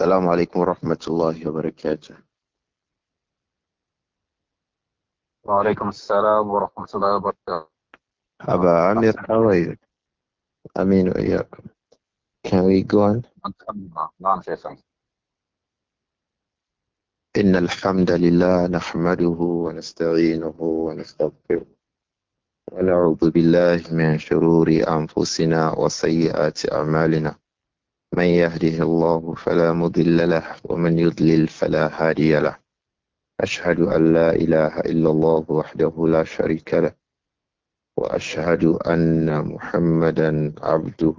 السلام عليكم ورحمة الله وبركاته وعليكم السلام ورحمة الله وبركاته أبا عمير how are you? أمين وإياكم Can we go on? نعم إن الحمد لله نحمده ونستعينه ونستغفره ونعوذ بالله من شرور أنفسنا وسيئات أعمالنا من يهده الله فلا مضل له ومن يضلل فلا هادي له أشهد أن لا إله إلا الله وحده لا شريك له وأشهد أن محمدا عبده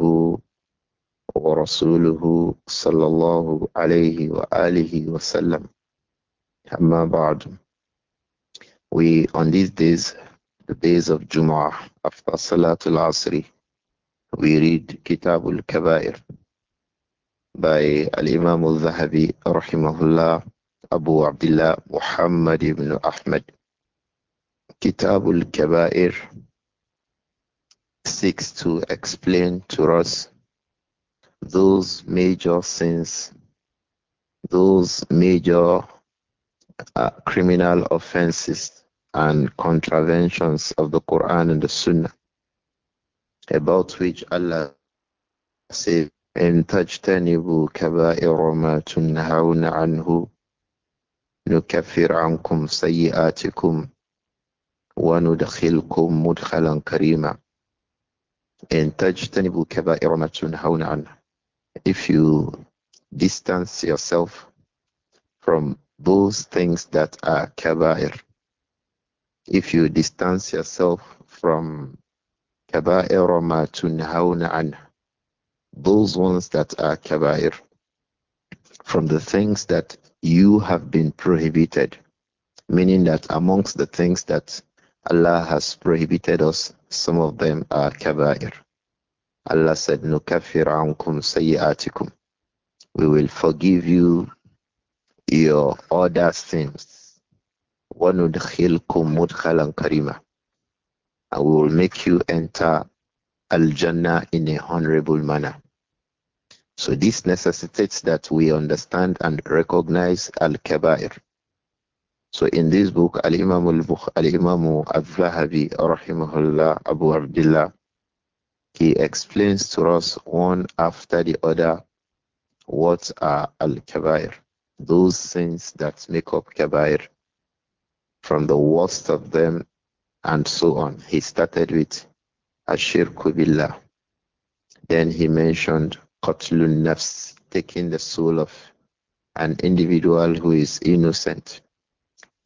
ورسوله صلى الله عليه وآله وسلم أما بعد We on these days, the days of Jum'ah after Salatul Asri, we read Kitabul Kabair, by Al-Imam al-Zahabi rahimahullah Abu Abdullah Muhammad ibn Ahmad Kitab al-Kabair seeks to explain to us those major sins those major uh, criminal offenses and contraventions of the Quran and the Sunnah about which Allah says إن تجتنبوا كبائر ما تنهون عنه نكفر عنكم سيئاتكم وندخلكم مدخلا كريما إن تجتنبوا كبائر ما تنهون عنه if you distance yourself from those things that are kabair if you distance yourself from kabair ma tunhauna عنه those ones that are kabair, from the things that you have been prohibited, meaning that amongst the things that Allah has prohibited us, some of them are kabair. Allah said, Nukafir ankum sayyatikum. We will forgive you your other sins. would مُدْخَلًا كَرِيمًا And we will make you enter Al-Jannah in a honorable manner. So this necessitates that we understand and recognize al-kabair. So in this book, Al-Imam al-Imam al-Zahabi, rahimahullah, Abu Abdullah, he explains to us one after the other what are al-kabair, those sins that make up kabair, from the worst of them and so on. He started with Ashir Kubila, Then he mentioned qatlun nafs, taking the soul of an individual who is innocent.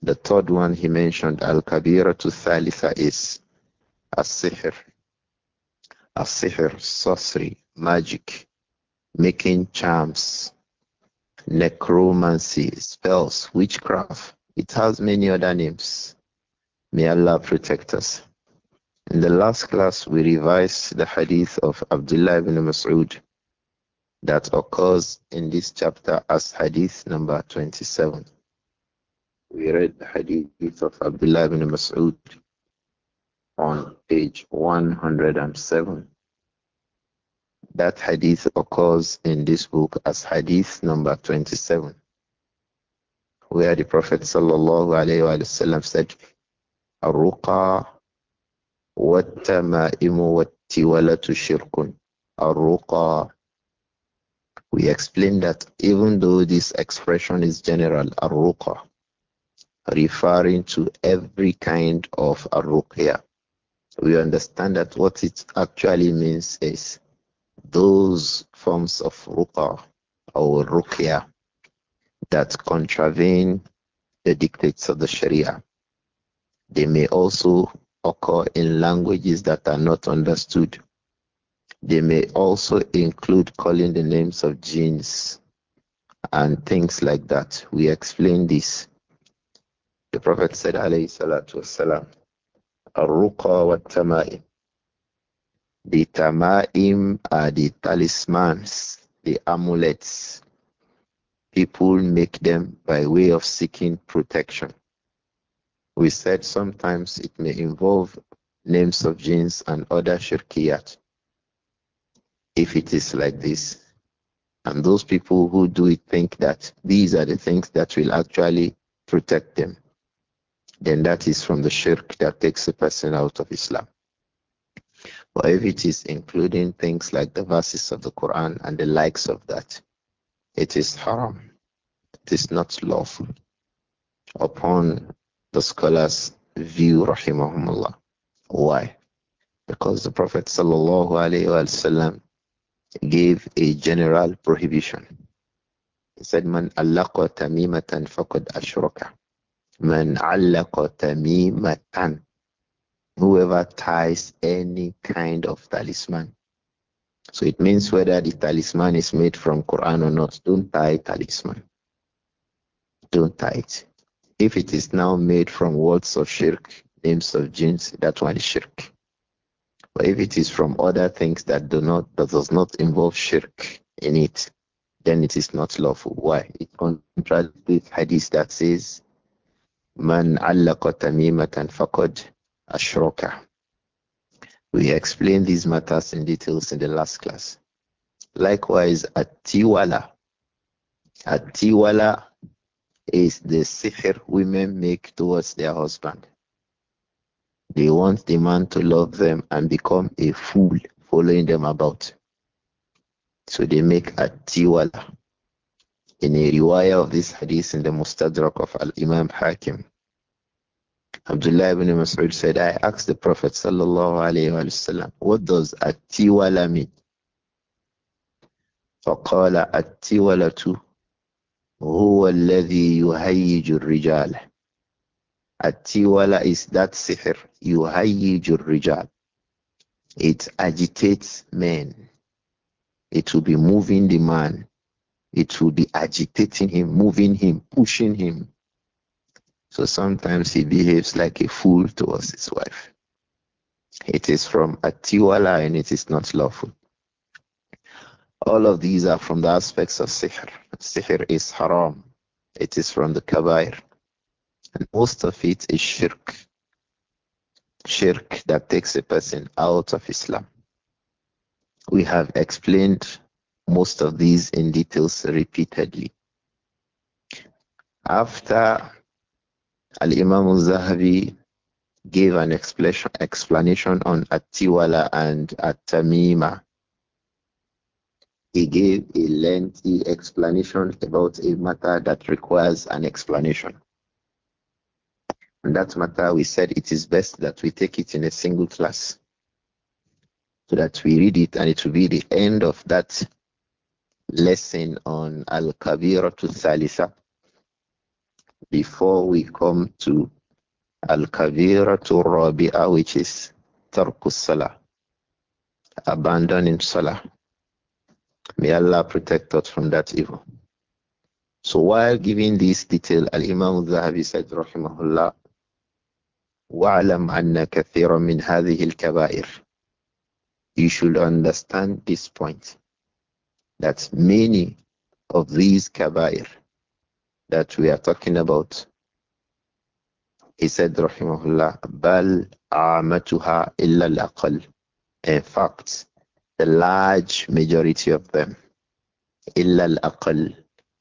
The third one he mentioned, al-kabira to thalitha is a sihr a sihr sorcery, magic, making charms, necromancy, spells, witchcraft. It has many other names. May Allah protect us. In the last class, we revised the hadith of Abdullah ibn Mas'ud that occurs in this chapter as hadith number 27. We read the hadith of Abdullah ibn Mas'ud on page 107. That hadith occurs in this book as hadith number 27, where the Prophet sallallahu alayhi wasallam said, Arruqa والتمائم والتولة shirkun." الرقى we explained that even though this expression is general, arruqa, referring to every kind of arruqya, we understand that what it actually means is those forms of ruqa or ruqya that contravene the dictates of the sharia. They may also occur in languages that are not understood they may also include calling the names of genes and things like that. We explain this. The Prophet said, alayhi salatu wasalam, wa Tama'im. The Tama'im are the talismans, the amulets. People make them by way of seeking protection. We said sometimes it may involve names of jinns and other shirkiyat if it is like this, and those people who do it think that these are the things that will actually protect them, then that is from the shirk that takes a person out of Islam. But if it is including things like the verses of the Quran and the likes of that, it is haram. It is not lawful. Upon the scholars' view, rahimahumullah. Why? Because the Prophet sallallahu alaihi wasallam gave a general prohibition. He said, Man allaqa tamimatan faqad ashraka. Man allaqa tamimatan. Whoever ties any kind of talisman. So it means whether the talisman is made from Quran or not, don't tie talisman. Don't tie it. If it is now made from words of shirk, names of jinns, that one is shirk. But if it is from other things that do not that does not involve shirk in it, then it is not lawful. Why? It contradicts hadith that says, Man allaqa tamimatan faqad ashroka." We explained these matters in details in the last class. Likewise, at-tiwala. At-tiwala is the sihr women make towards their husband. They want the man to love them and become a fool following them about. So they make a tiwala. In a riwayah of this hadith in the Mustadrak of Al Imam Hakim, Abdullah ibn Mas'ud said, I asked the Prophet sallallahu what does a tiwala mean? فقال التولة هو الذي يهيج الرجال Atiwala is that sihr. Yuhayyijur rijal. It agitates men. It will be moving the man. It will be agitating him, moving him, pushing him. So sometimes he behaves like a fool towards his wife. It is from Atiwala and it is not lawful. All of these are from the aspects of sihr. Sihr is haram. It is from the kabair and most of it is shirk. Shirk that takes a person out of Islam. We have explained most of these in details repeatedly. After Al Imam al Zahabi gave an explanation, on Atiwala and Atamima. He gave a lengthy explanation about a matter that requires an explanation. On that matter, we said it is best that we take it in a single class so that we read it and it will be the end of that lesson on Al Kabira to Salisa before we come to Al Kabira to Rabi'a, which is Tarkus Salah, abandoning Salah. May Allah protect us from that evil. So while giving this detail, Al Imam Zahabi said, Rahimahullah, واعلم أن كثيرا من هذه الكبائر you should understand this point that many of these kabair that we are talking about he said rahimahullah bal amatuha illa al in fact the large majority of them illa al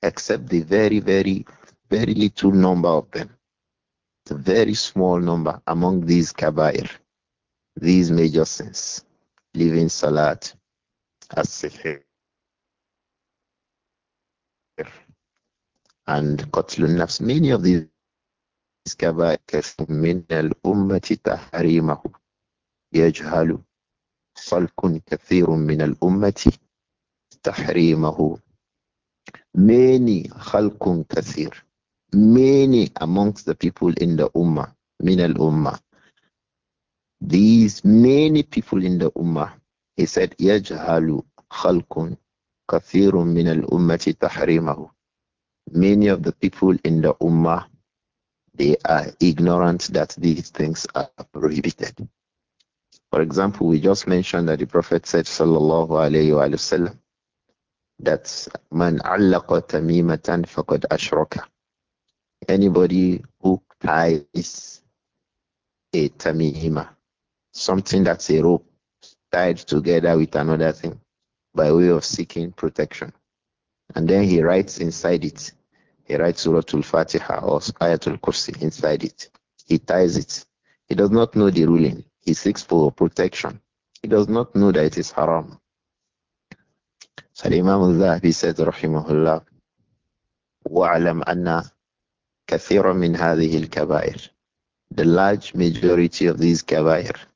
except the very very very little number of them a very small number among these kabair, these major sins, leaving salat as sihir and qatlun nafs. Many of these kabair min al-ummati tahrimahu يجهل خلق كثير من ummati تحريمه many خلق kathir many amongst the people in the Ummah, min al Ummah. These many people in the Ummah, he said, يجهل خلق كثير من الأمة تحريمه. Many of the people in the Ummah, they are ignorant that these things are prohibited. For example, we just mentioned that the Prophet said, Sallallahu alayhi wa sallam, that man allaqa tamimatan faqad ashraka anybody who ties a tamihima, something that's a rope tied together with another thing by way of seeking protection. And then he writes inside it. He writes Surah fatiha or Ayatul Kursi inside it. He ties it. He does not know the ruling. He seeks for protection. He does not know that it is haram. So Imam al-Zahabi said, Rahimahullah, وَعْلَمْ anna." كثيرا من هذه الكبائر the large majority of these كبائر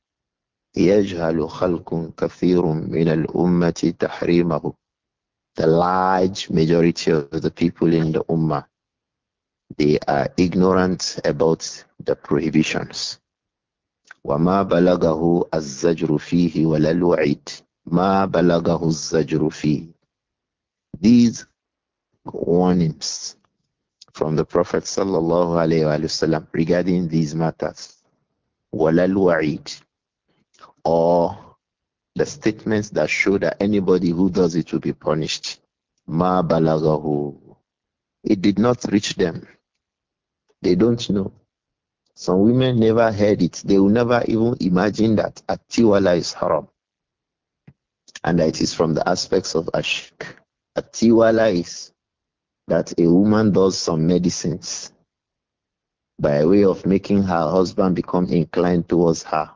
يجهل خلق كثير من الأمة تحريمه the large majority of the people in the ummah they are ignorant about the prohibitions وما بلغه الزجر فيه ولا الوعيد ما بلغه الزجر فيه these warnings from the Prophet وسلم, regarding these matters. Walal wa'id or the statements that show that anybody who does it will be punished. Ma balagahu. It did not reach them. They don't know. Some women never heard it. They will never even imagine that atiwala is haram. And that it is from the aspects of ashk. Atiwala is that a woman does some medicines by way of making her husband become inclined towards her.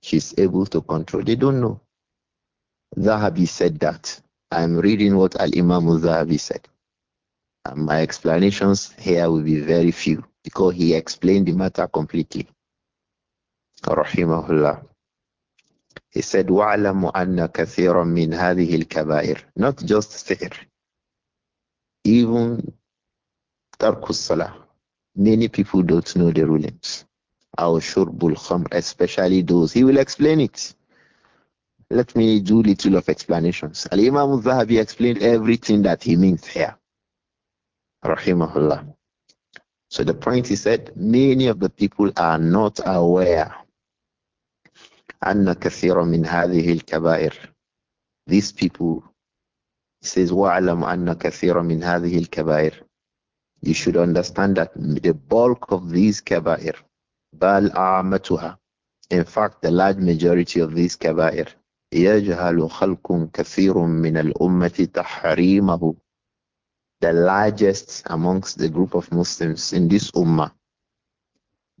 She's able to control. They don't know. Zahabi said that. I'm reading what Al Imam Zahabi said. And my explanations here will be very few because he explained the matter completely. Rahimahullah. He said, وَعْلَمُ أَنَّ كَثِيرًا مِنْ هَذِهِ الْكَبَائِرِ Not just sihr. Even Tarkus Salah. Many people don't know the rulings. Our Shurbul Khamr, especially those. He will explain it. Let me do little of explanations. Al Imam Zahabi explained everything that he means here. Rahimahullah. So the point is that many of the people are not aware. أن كثيرا من هذه الكبائر these people says, وَعَلَمْ أَنَّ كَثِيرًا مِنْ هَذِهِ الْكَبَائِرِ You should understand that the bulk of these kabair, بَلْ أَعْمَتُهَا In fact, the large majority of these kabair, يَجْهَلُ خَلْقٌ كَثِيرٌ مِنَ الْأُمَّةِ تَحْرِيمَهُ The largest amongst the group of Muslims in this ummah,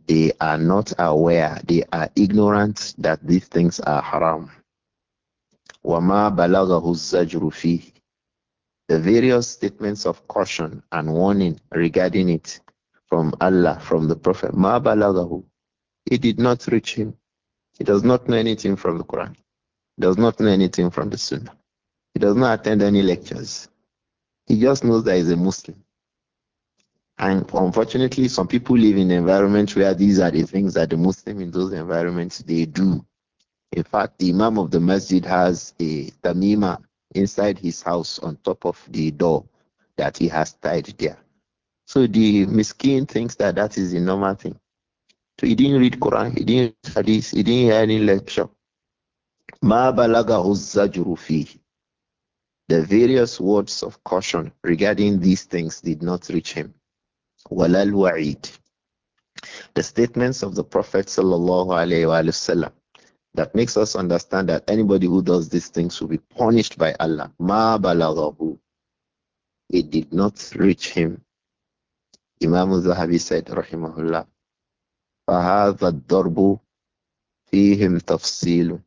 they are not aware, they are ignorant that these things are haram. وَمَا بَلَغَهُ الزَّجْرُ فِيهِ the various statements of caution and warning regarding it from Allah, from the Prophet. Ma balaghahu. He did not reach him. He does not know anything from the Quran. He does not know anything from the Sunnah. He does not attend any lectures. He just knows that he's a Muslim. And unfortunately, some people live in environments where these are the things that the Muslim in those environments they do. In fact, the Imam of the Masjid has a tamima inside his house on top of the door that he has tied there. So the miskin thinks that that is the normal thing. So he didn't read Quran, he didn't study, he didn't hear any lecture. Ma balagahu The various words of caution regarding these things did not reach him. Walal wa'id. The statements of the Prophet sallallahu alaihi wasallam that makes us understand that anybody who does these things will be punished by Allah. Ma balaghahu. It did not reach him. Imam Zahabi said, Rahimahullah, فَهَذَا الضَّرْبُ فِيهِمْ tafsilu.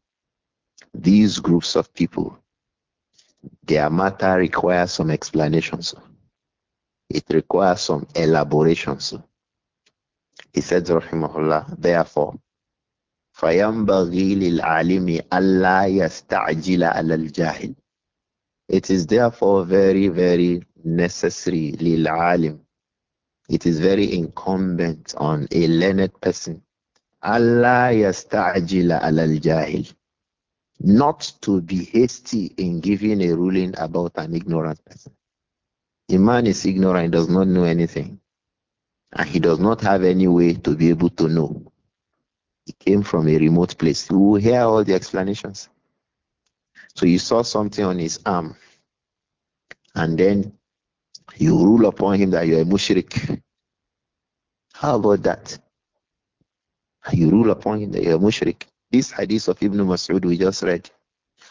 These groups of people, their matter requires some explanations. It requires some elaborations. He said, Rahimahullah, therefore, فَيَنْبَغِي لِلْعَالِمِ أَلَّا يَسْتَعْجِلَ عَلَى الْجَاهِلِ It is therefore very, very necessary لِلْعَالِمِ It is very incumbent on a learned person Allah yasta'jila alal jahil. Not to be hasty in giving a ruling about an ignorant person. A man is ignorant, does not know anything, and he does not have any way to be able to know. He came from a remote place. You will hear all the explanations. So you saw something on his arm, and then you rule upon him that you're a mushrik. How about that? You rule upon him that you're a mushrik. This hadith of Ibn Mas'ud we just read.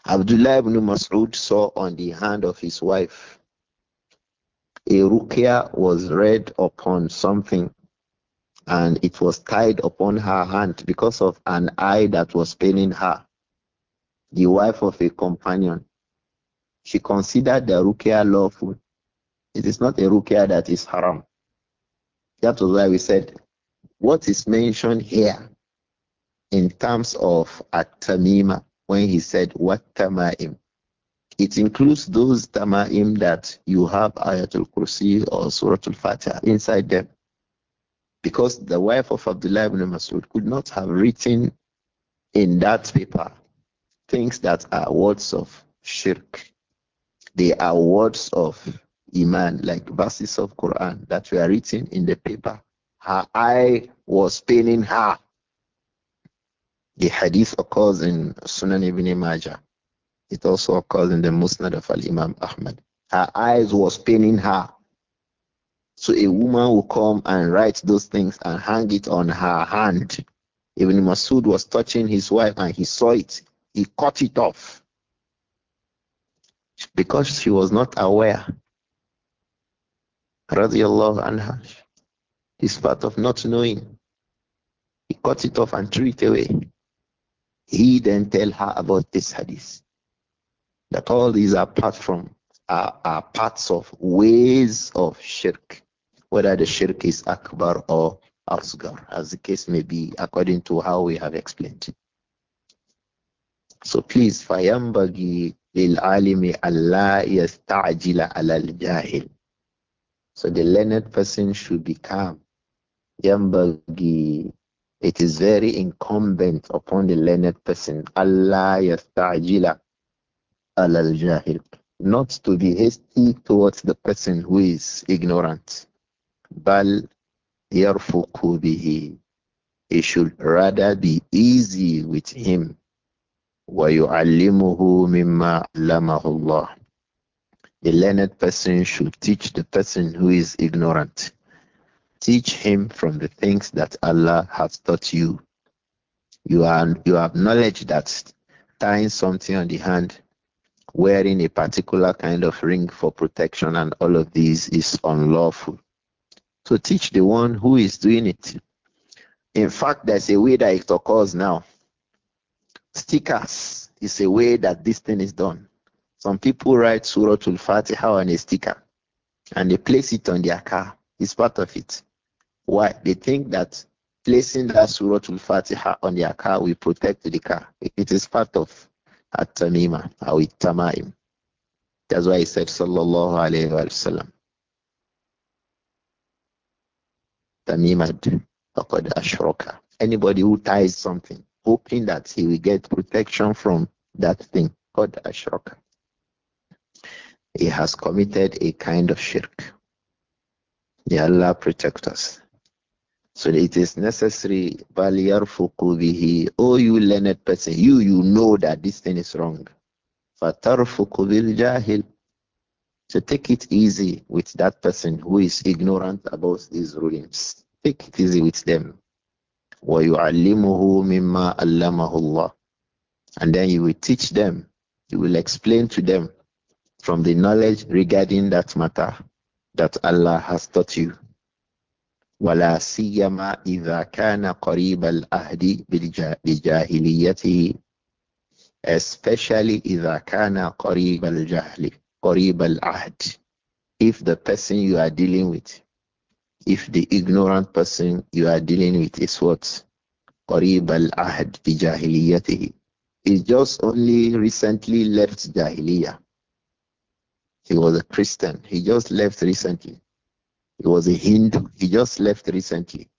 Abdullah ibn Mas'ud saw on the hand of his wife a ruqya was read upon something and it was tied upon her hand because of an eye that was paining her. The wife of a companion. She considered the rukia lawful. It is not a rukia that is haram. That was why we said what is mentioned here in terms of at-tamima when he said what tamaim. It includes those tamaim that you have ayatul kursi or suratul fatiha inside them because the wife of Abdullah ibn Masud could not have written in that paper things that are words of shirk. They are words of iman, like verses of Quran that were written in the paper. Her eye was paining her. The hadith occurs in Sunan ibn Majah. It also occurs in the Musnad of Al Imam Ahmad. Her eyes was paining her. So a woman will come and write those things and hang it on her hand. Even Masood was touching his wife and he saw it. He cut it off because she was not aware. Radiallahu anha. his part of not knowing. He cut it off and threw it away. He then tell her about this hadith. That all these are part from are, are parts of ways of shirk whether the shirk is akbar or asgar, as the case may be, according to how we have explained. So please, fayambagi للعالم Allah يستعجل على الجاهل. So the learned person should be calm. Yambagi, it is very incumbent upon the learned person Allah yasta'jila al jahil, not to be hasty towards the person who is ignorant. Bal yarfuku bihi. It should rather be easy with him. وَيُعَلِّمُهُ مِمَّا عَلَّمَهُ اللَّهُ A learned person should teach the person who is ignorant. Teach him from the things that Allah has taught you. You, are, you have knowledge that tying something on the hand, wearing a particular kind of ring for protection and all of these is unlawful to teach the one who is doing it. In fact, there's a way that it occurs now. Stickers is a way that this thing is done. Some people write Suratul Fatiha on a sticker and they place it on their car. It's part of it. Why? They think that placing that Suratul Fatiha on their car will protect the car. It is part of At-Tamima, Awit Tamaim. That's why he said, Sallallahu Alaihi Wasallam. Tamimad Faqad Ashroka. Anybody who ties something, hoping that he will get protection from that thing, called Ashroka. He has committed a kind of shirk. The Allah protect us. So it is necessary, bihi. Oh, you learned person, you you know that this thing is wrong. فَتَرْفُقُ jahil. So take it easy with that person who is ignorant about these rulings. Take it easy with them. وَيُعَلِّمُهُ مِمَّا أَلَّمَهُ اللَّهُ And then you will teach them, you will explain to them from the knowledge regarding that matter that Allah has taught you. ولا سيما إذا كان قريب الأهد بجاهليته especially إذا كان قريب الجهل qarib al-ahd. If the person you are dealing with, if the ignorant person you are dealing with is what? Qarib al-ahd bi jahiliyatihi. He just only recently left jahiliya. He was a Christian. He just left recently. He was a Hindu. He just left recently.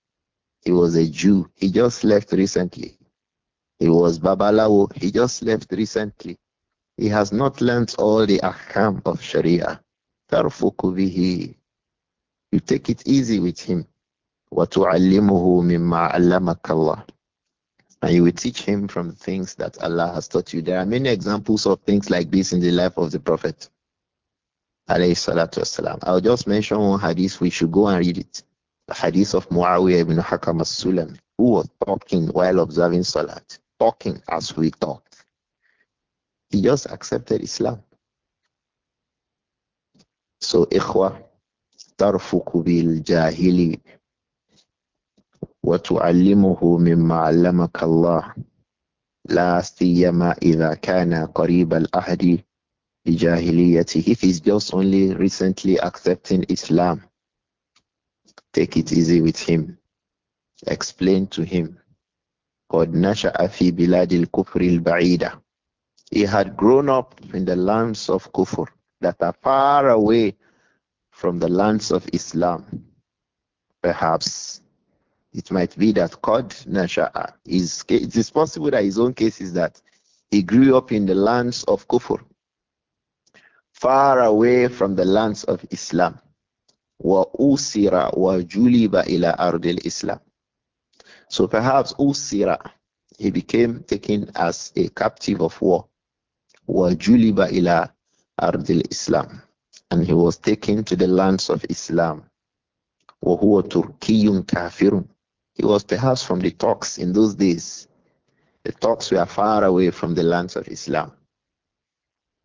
He was a Jew. He just left recently. He was Babalawo. He just left recently. He has not learnt all the ahkam of Sharia. تَرْفُقُ بِهِ You take it easy with him. وَتُعَلِّمُهُ مِمَّا عَلَّمَكَ اللَّهُ and you will teach him from the things that Allah has taught you. There are many examples of things like this in the life of the Prophet. I'll just mention one hadith, we should go and read it. The hadith of Muawiyah ibn Hakam as-Sulam, who was talking while observing Salat, talking as we talk. He just accepted Islam. So, ikhwa, tarfuku bil jahili wa tu'allimuhu mimma 'allamaka Allah. La siyama idha kana al-ahdi bi jahiliyati. If he's just only recently accepting Islam, take it easy with him. Explain to him. قد نشأ في بلاد الكفر البعيدة he had grown up in the lands of Kufr that are far away from the lands of Islam. Perhaps it might be that Qad Nasha'a is it is possible that his own case is that he grew up in the lands of Kufr, far away from the lands of Islam. Wa usira wa juliba ila ardil Islam. So perhaps usira, he became taken as a captive of war وَجُلِبَ ila Ardil Islam, And he was taken to the lands of Islam. وَهُوَ تُرْكِيٌّ He was perhaps from the Turks in those days. The Turks were far away from the lands of Islam.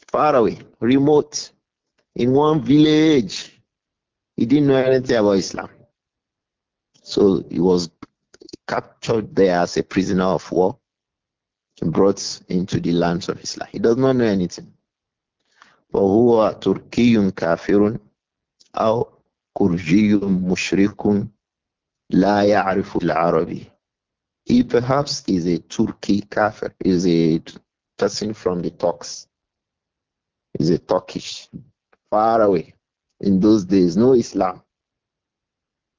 Far away, remote, in one village. He didn't know anything about Islam. So he was captured there as a prisoner of war brought into the lands of Islam. He does not know anything. وهو تركي كافر أو كرجي مشرك لا يعرف العربي. He perhaps is a Turki kafir, is a person from the Turks, is a Turkish, far away. In those days, no Islam.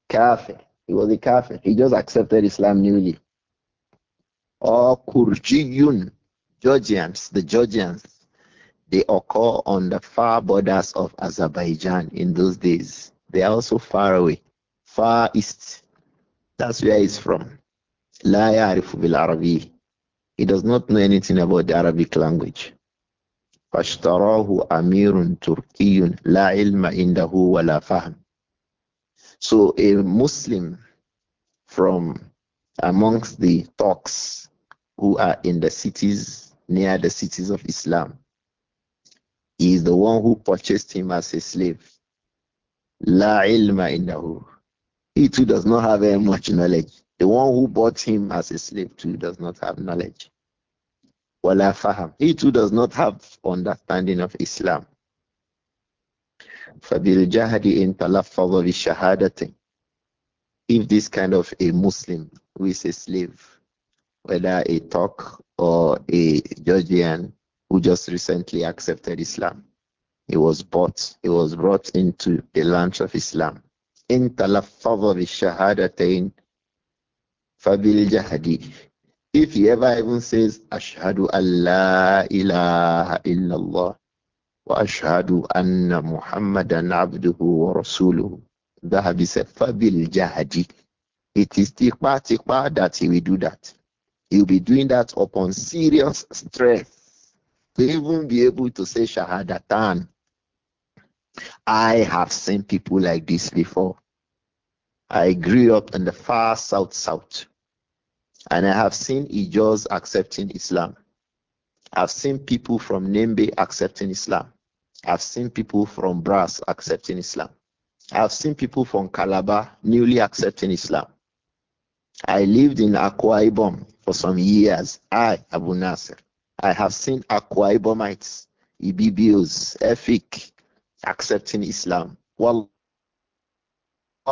Kafir. He was a kafir. He just accepted Islam newly or Kurjiyun, Georgians, the Georgians, they occur on the far borders of Azerbaijan in those days. They are also far away, far east. That's where he's from. La ya'rifu bil Arabi. He does not know anything about the Arabic language. فاشتراه أمير تركي لا علم عنده ولا فهم. So a Muslim from amongst the Turks who are in the cities near the cities of Islam. He is the one who purchased him as a slave. La ilma innahu. He too does not have very much knowledge. The one who bought him as a slave too does not have knowledge. Wala faham. He too does not have understanding of Islam. فبالجهد إن تلفظ بشهادة If this kind of a Muslim who is a slave whether a Turk or a Georgian who just recently accepted Islam. He was bought, he was brought into the land of Islam. In talaffaza bi shahadatain fabil jahadi, If he ever even says, Ashhadu Allah ilaha illallah wa ashhadu anna Muhammadan abduhu wa rasuluhu. Dahabi said, fabil jahadi," It is tiqpa tiqpa that he will do that He'll be doing that upon serious stress to even be able to say Shahadatan. I have seen people like this before. I grew up in the far south south, and I have seen Ijaz accepting Islam. I've seen people from Nembe accepting Islam. I've seen people from Brass accepting Islam. I've seen people from Calabar newly accepting Islam. I lived in Akwa Ibom for some years. I, Abu Nasser, I have seen Akwa Ibomites, Ibibios, Efik accepting Islam. Well,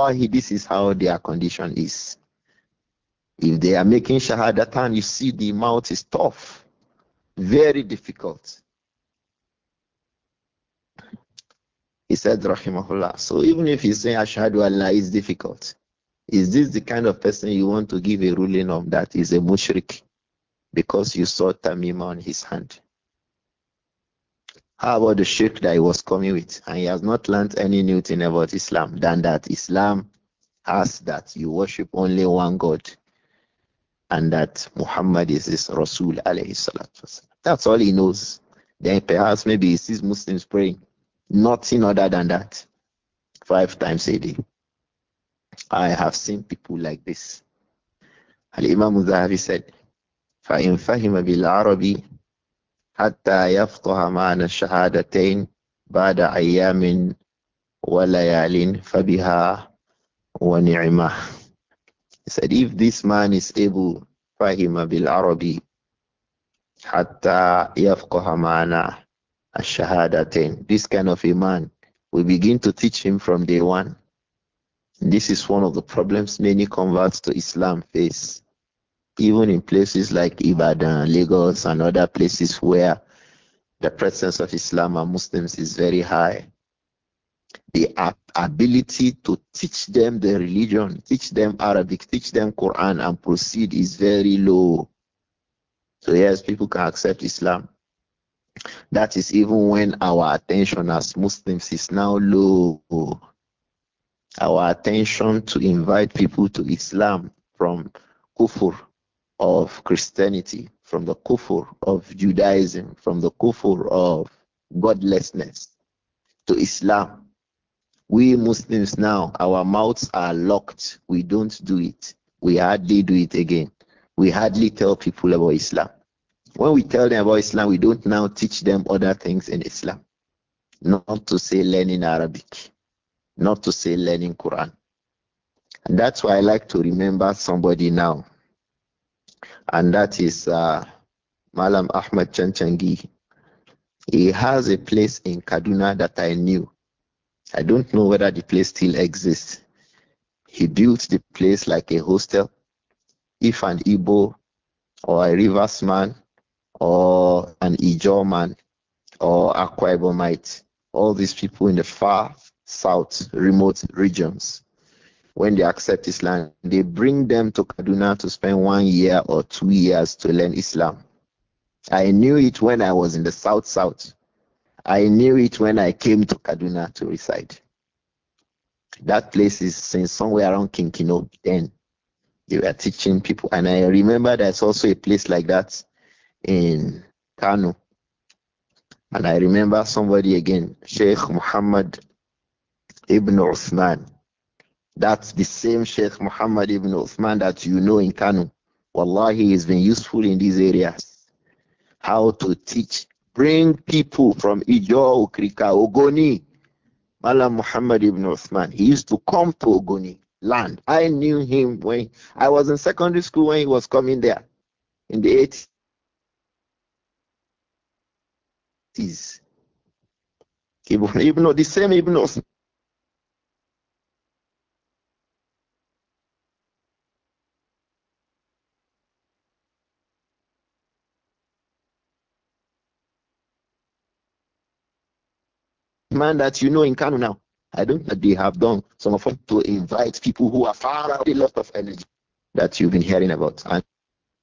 this is how their condition is. If they are making Shahadatan, you see the mouth is tough, very difficult. He said, Rahimahullah. So even if he's saying Ashhadu Allah is difficult, is this the kind of person you want to give a ruling of that is a mushrik because you saw Tamima on his hand? How about the shirk that he was coming with? And he has not learned any new thing about Islam than that Islam has that you worship only one God and that Muhammad is his Rasul That's all he knows. Then perhaps maybe he sees Muslims praying. Nothing other than that. Five times a day. I have seen people like this. Al-Imam Zahabi said, فَإِنْ فَهِمَ بِالْعَرَبِ حَتَّى يَفْقَهَ مَعْنَ الشَّهَادَتَيْنِ بَعْدَ أَيَّامٍ وَلَيَالٍ فَبِهَا وَنِعْمَةٍ He said, if this man is able, فَهِمَ بِالْعَرَبِ حَتَّى يَفْقَهَ مَعْنَ الشَّهَادَتَيْنِ This kind of a man, we begin to teach him from day one this is one of the problems many converts to Islam face, even in places like Ibadan, Lagos, and other places where the presence of Islam and Muslims is very high. The ability to teach them the religion, teach them Arabic, teach them Quran, and proceed is very low. So, yes, people can accept Islam. That is even when our attention as Muslims is now low our attention to invite people to Islam from kufur of Christianity, from the kufur of Judaism, from the kufur of godlessness to Islam. We Muslims now, our mouths are locked. We don't do it. We hardly do it again. We hardly tell people about Islam. When we tell them about Islam, we don't now teach them other things in Islam. Not to say learning Arabic not to say learning Quran. And that's why I like to remember somebody now, and that is uh, Malam Ahmad Chanchangi. He has a place in Kaduna that I knew. I don't know whether the place still exists. He built the place like a hostel. If an Igbo or a Rivers man or an Ijo man or a Ibomite, all these people in the far south, remote regions. When they accept Islam, they bring them to Kaduna to spend one year or two years to learn Islam. I knew it when I was in the south, south. I knew it when I came to Kaduna to reside. That place is in somewhere around Kinkino then. They were teaching people. And I remember there's also a place like that in Kano. And I remember somebody again, Sheikh Muhammad ibn Uthman. That's the same Sheikh Muhammad ibn Uthman that you know in Kanu. Wallahi, he's been useful in these areas. How to teach, bring people from Ijo, Okrika, Ogoni. Malam Muhammad ibn Uthman, he used to come to Ogoni, land. I knew him when I was in secondary school when he was coming there in the 80s. Ibn, Ibn, the same Ibn Uthman man that you know in Kano now. I don't that they have done some of them to invite people who are far out a lot of energy that you've been hearing about. And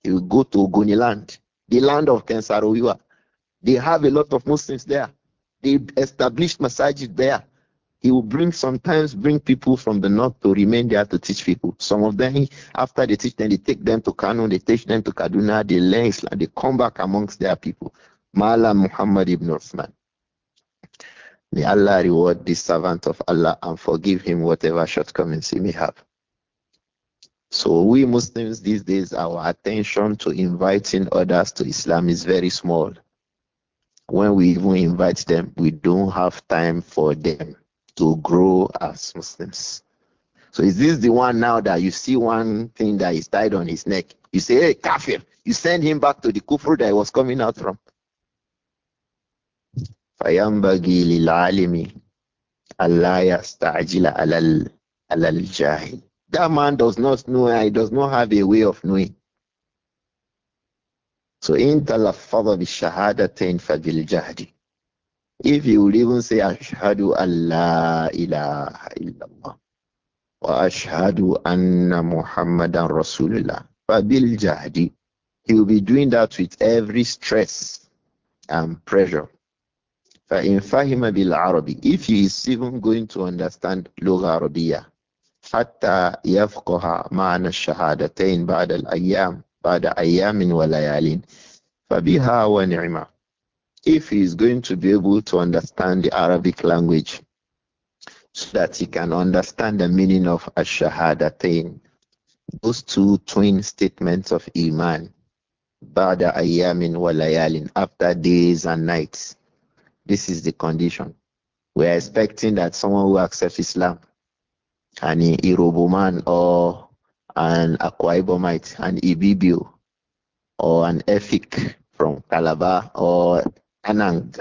you go to Ogoni land, the land of Kensarowiwa. They have a lot of Muslims there. They established masajid there. He will bring sometimes bring people from the north to remain there to teach people. Some of them, after they teach them, they take them to Kano, they teach them to Kaduna, they learn Islam, they come back amongst their people. Mala Muhammad ibn Osman. May Allah reward this servant of Allah and forgive him whatever shortcomings he may have. So we Muslims these days, our attention to inviting others to Islam is very small. When we even invite them, we don't have time for them to grow as Muslims. So is this the one now that you see one thing that is tied on his neck? You say, hey, kafir, you send him back to the kufr that he was coming out from. فينبغي للعالم ألا يستعجل على على الجاهل that man does not know he does not have a way of knowing so in تلفظ بالشهادتين فبالجهد if you will even say أشهد أن لا إله إلا الله وأشهد أن محمدا رسول الله فبالجهد he will be doing that with every stress and pressure فَإِنْ فَهِمَ If he is even going to understand لغة عربية حتى يفقه معنى الشهادتين بعد الأيام بعد أيام وليالين فبها ونعمة If he is going to be able to understand the Arabic language so that he can understand the meaning of ash-shahadatain those two twin statements of iman بعد أيام wa after days and nights this is the condition. We are expecting that someone who accepts Islam, an Iroboman or an Akwaibomite, an Ibibio, or an Efik from Calabar or Anang,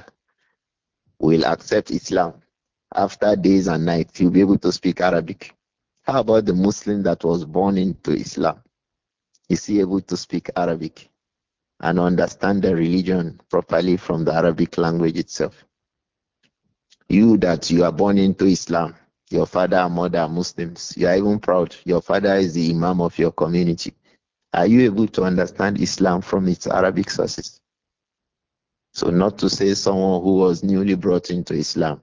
will accept Islam after days and nights. he will be able to speak Arabic. How about the Muslim that was born into Islam? Is he able to speak Arabic? and understand the religion properly from the Arabic language itself. You that you are born into Islam, your father and mother are Muslims, you are even proud, your father is the Imam of your community. Are you able to understand Islam from its Arabic sources? So, not to say someone who was newly brought into Islam.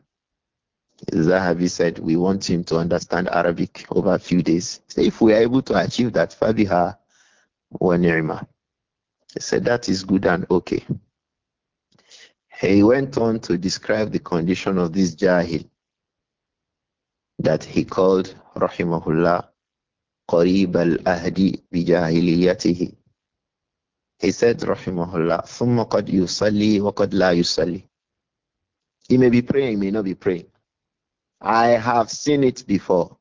Zahavi said, We want him to understand Arabic over a few days. So, if we are able to achieve that, Fabiha wa ni'mah. He said, That is good and okay. He went on to describe the condition of this Jahil that he called, Rahimahullah, Ahdi الأهد بجاهليته. He said, Rahimahullah, ثم قد يصلي وقد لا يصلي. He may be praying, he may not be praying. I have seen it before.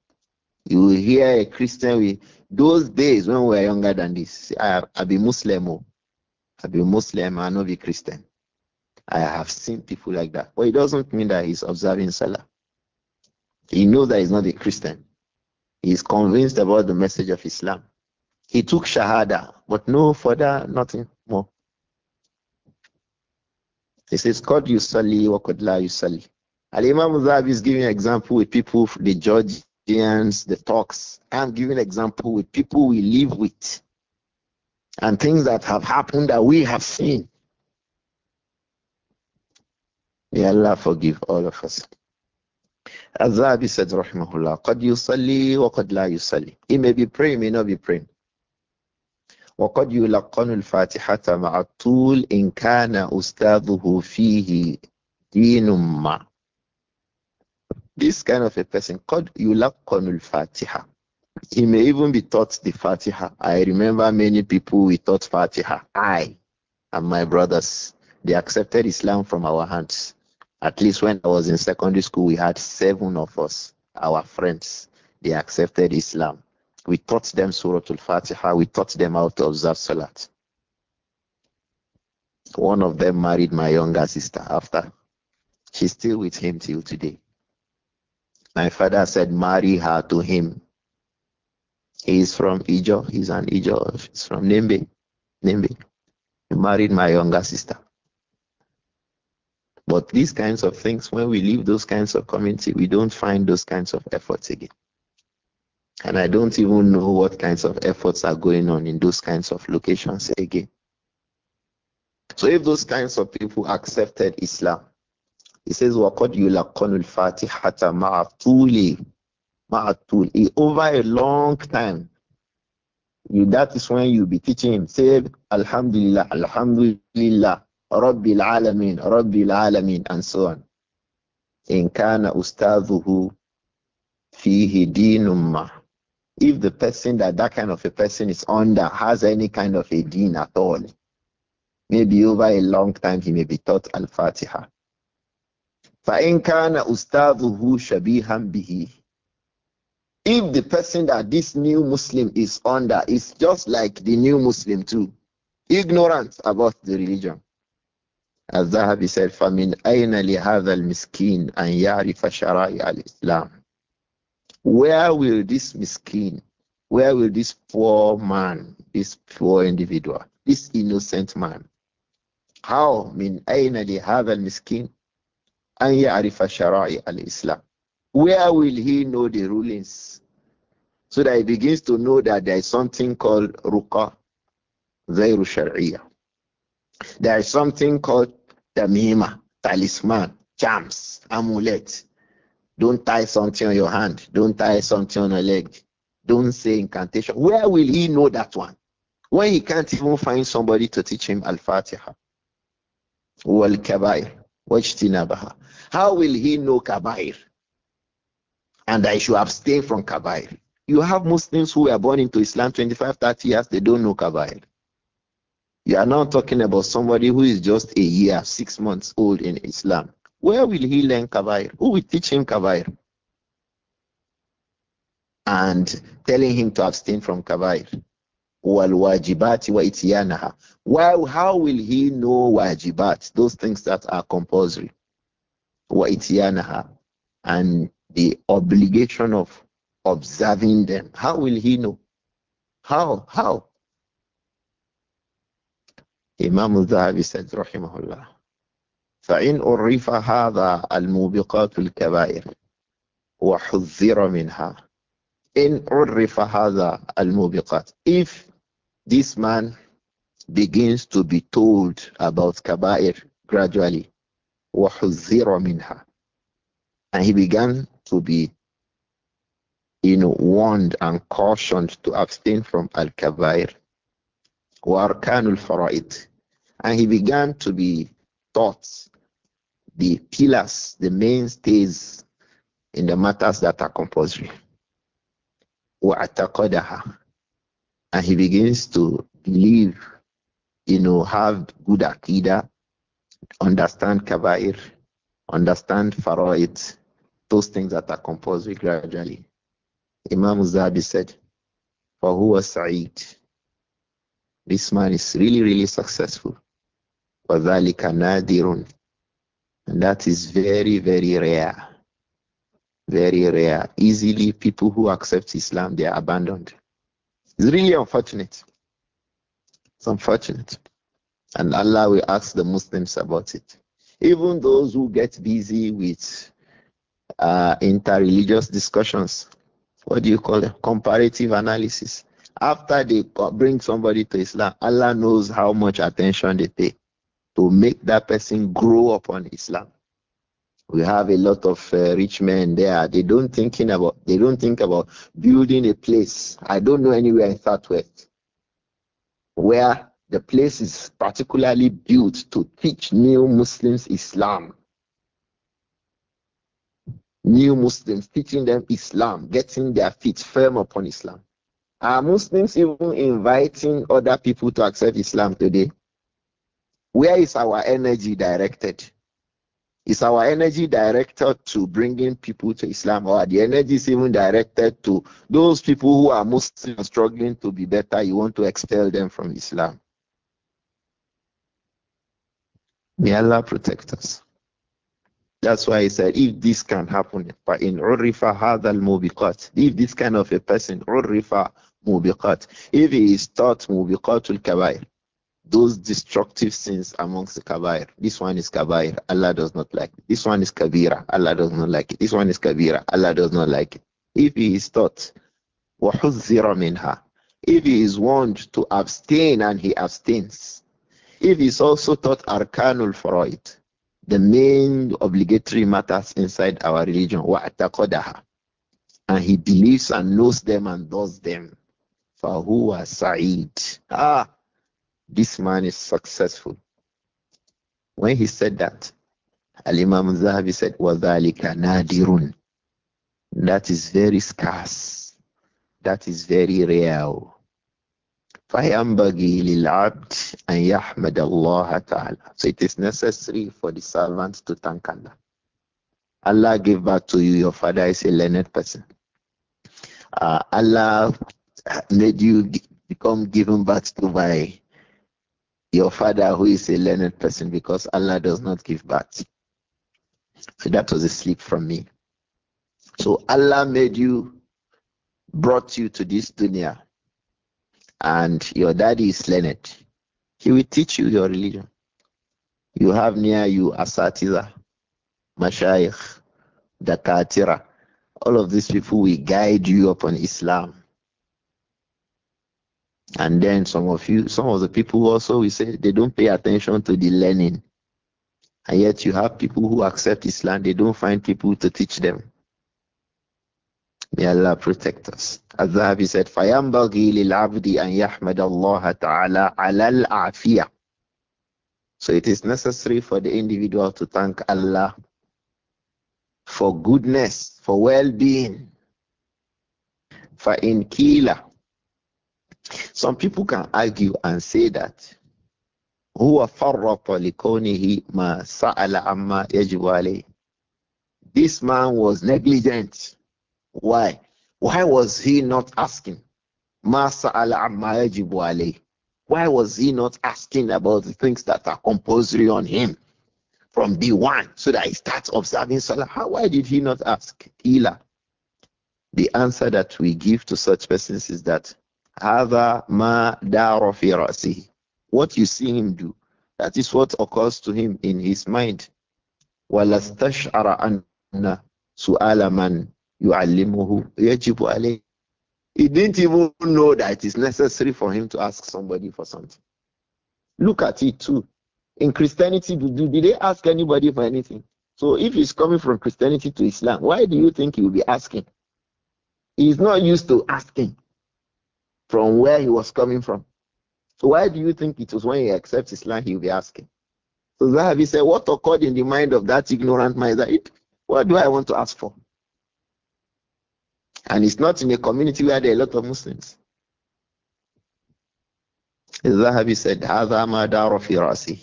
You hear a Christian, we, those days when we were younger than this, I, i be Muslim. Oh. I'll be Muslim, i am not be Christian. I have seen people like that. But it doesn't mean that he's observing Salah. He knows that he's not a Christian. He's convinced about the message of Islam. He took Shahada, but no further, nothing more. He says, God Yusali wa you Sali? Al Imam Zahab is giving an example with people, the Georgians, the Turks. I'm giving an example with people we live with and things that have happened that we have seen. May Allah forgive all of us. الذهبي said "Rahimahullah." الله قد يصلي وقد لا يصلي he may be praying may not be praying وقد يلقن الفاتحة مع الطول إن كان أستاذه فيه دين ما this kind of a person قد يلقن الفاتحة he may even be taught the Fatiha. I remember many people we taught Fatiha. I and my brothers, they accepted Islam from our hands. At least when I was in secondary school, we had seven of us, our friends. They accepted Islam. We taught them Surah Al-Fatiha. We taught them how to observe Salat. One of them married my younger sister after. She's still with him till today. My father said, marry her to him He's from Ijo. He's an Ijo. He's from Nembe. Nembe. He married my younger sister. But these kinds of things, when we leave those kinds of community, we don't find those kinds of efforts again. And I don't even know what kinds of efforts are going on in those kinds of locations again. So if those kinds of people accepted Islam, he says, وَقَدْ يُلَقَّنُ الْفَاتِحَةَ مَعَ ma'atul, over a long time. You, that is when you be teaching him. Say, Alhamdulillah, Alhamdulillah, Rabbil Alameen, Rabbil Alameen, and so on. In kana ustadhuhu fihi dinumma. If the person that that kind of a person is under has any kind of a deen at all, maybe over a long time he may be taught Al-Fatiha. فَإِنْ كَانَ أُسْتَاذُهُ شَبِيهًا بِهِ if the person that this new Muslim is under is just like the new Muslim too, ignorant about the religion. As Zahabi said, فَمِنْ أَيْنَ لِهَذَا الْمِسْكِينَ أَنْ يَعْرِفَ شَرَائِعَ الْإِسْلَامِ Where will this miskin, where will this poor man, this poor individual, this innocent man, how min أَيْنَ لِهَذَا الْمِسْكِينَ أَنْ يَعْرِفَ شَرَائِعَ الْإِسْلَامِ where will he know the rulings? So that he begins to know that there is something called ruqa, zayru There is something called tamima, talisman, charms, amulet. Don't tie something on your hand. Don't tie something on your leg. Don't say incantation. Where will he know that one? When he can't even find somebody to teach him Al-Fatiha. Wal-Kabair. Wajtinabaha. How will he know Kabair? and I should abstain from Kabair. You have Muslims who were born into Islam 25, 30 years, they don't know Kabair. You are now talking about somebody who is just a year, six months old in Islam. Where will he learn Kabair? Who will teach him Kabair? And telling him to abstain from Kabair. Wal-wajibati wa ityanaha. Well, how will he know wajibat, those things that are compulsory? Wa ityanaha. And the obligation of observing them. How will he know? How? How? Imam al-Zahabi said, rahimahullah, فإن أُرِفَ هذا الموبقات الكبائر وحذر منها إن أُرِفَ هذا الموبقات If this man begins to be told about kabair gradually وحذر منها and he began to be you know warned and cautioned to abstain from al kabair or arkanul fara'id and he began to be taught the pillars the mainstays in the matters that are compulsory wa and he begins to believe you know have good akida understand kabair understand fara'id those things that are compulsory gradually. Imam Zabi said, For who was Sa'id? This man is really, really successful. And that is very, very rare. Very rare. Easily, people who accept Islam, they are abandoned. It's really unfortunate. It's unfortunate. And Allah will ask the Muslims about it. Even those who get busy with uh, interreligious discussions. What do you call them? Comparative analysis. After they bring somebody to Islam, Allah knows how much attention they pay to make that person grow upon Islam. We have a lot of uh, rich men there. They don't thinking about. They don't think about building a place. I don't know anywhere in Southwest where the place is particularly built to teach new Muslims Islam new Muslims, teaching them Islam, getting their feet firm upon Islam. Are Muslims even inviting other people to accept Islam today? Where is our energy directed? Is our energy directed to bringing people to Islam, or the energy is even directed to those people who are Muslims struggling to be better? You want to expel them from Islam. May Allah protect us. That's why I said, if this can happen, in Hadal if this kind of a person, Urifa Mubiqat, if he is taught Mubiqatul Kabair, those destructive sins amongst the Kabair. This one is Kabair, Allah does not like it. This one is Kabira, Allah does not like it. This one is Kabira, Allah does not like it. If he is taught, وَحُذِّرَ مِنْهَا If he is warned to abstain and he abstains. If he is also taught Arkanul Faraid, the main obligatory matters inside our religion. And he believes and knows them and does them. Fahuwa Sa'id. Ah, this man is successful. When he said that, Al Imam Zahabi said, Wadhalika nadirun. That is very scarce. That is very rare. فَيَنْبَغِي لِلْعَبْدِ أَنْ يَحْمَدَ اللَّهَ تَعَالَى So it is necessary for the servant to thank Allah. Allah gave birth to you, your father is a learned person. Uh, Allah made you become given birth to by your father who is a learned person because Allah does not give birth. So that was a slip from me. So Allah made you, brought you to this dunya and your daddy is learned, he will teach you your religion. You have near you asatiza, Mashaykh, dakatira. All of these people will guide you upon Islam. And then some of you, some of the people also, we say they don't pay attention to the learning. And yet you have people who accept Islam, they don't find people to teach them. May Allah protect us. As Zahabi said, فَيَنْبَغِي لِلْعَبْدِ أَنْ يَحْمَدَ اللَّهَ تَعَالَى عَلَى الْعَافِيَةِ So it is necessary for the individual to thank Allah for goodness, for well-being. فَإِنْ كِيلَ Some people can argue and say that هو فرط لكونه ما سأل عما يجب عليه. This man was negligent why? Why was he not asking? Why was he not asking about the things that are compulsory on him from day one so that he starts observing Salah? How, why did he not ask? Ila. The answer that we give to such persons is that what you see him do, that is what occurs to him in his mind. وَلَسْتَشْعَرَ أَنَّ سُؤَالَ مَنْ يعلمه يجب عليه he didn't even know that it is necessary for him to ask somebody for something look at it too in Christianity do, did they ask anybody for anything so if he's coming from Christianity to Islam why do you think he will be asking he's not used to asking from where he was coming from so why do you think it was when he accepts Islam he'll be asking? So Zahabi said, What occurred in the mind of that ignorant man? That what do I want to ask for? And it's not in a community where there are a lot of Muslims. الذهبي said هذا ما دار في رأسه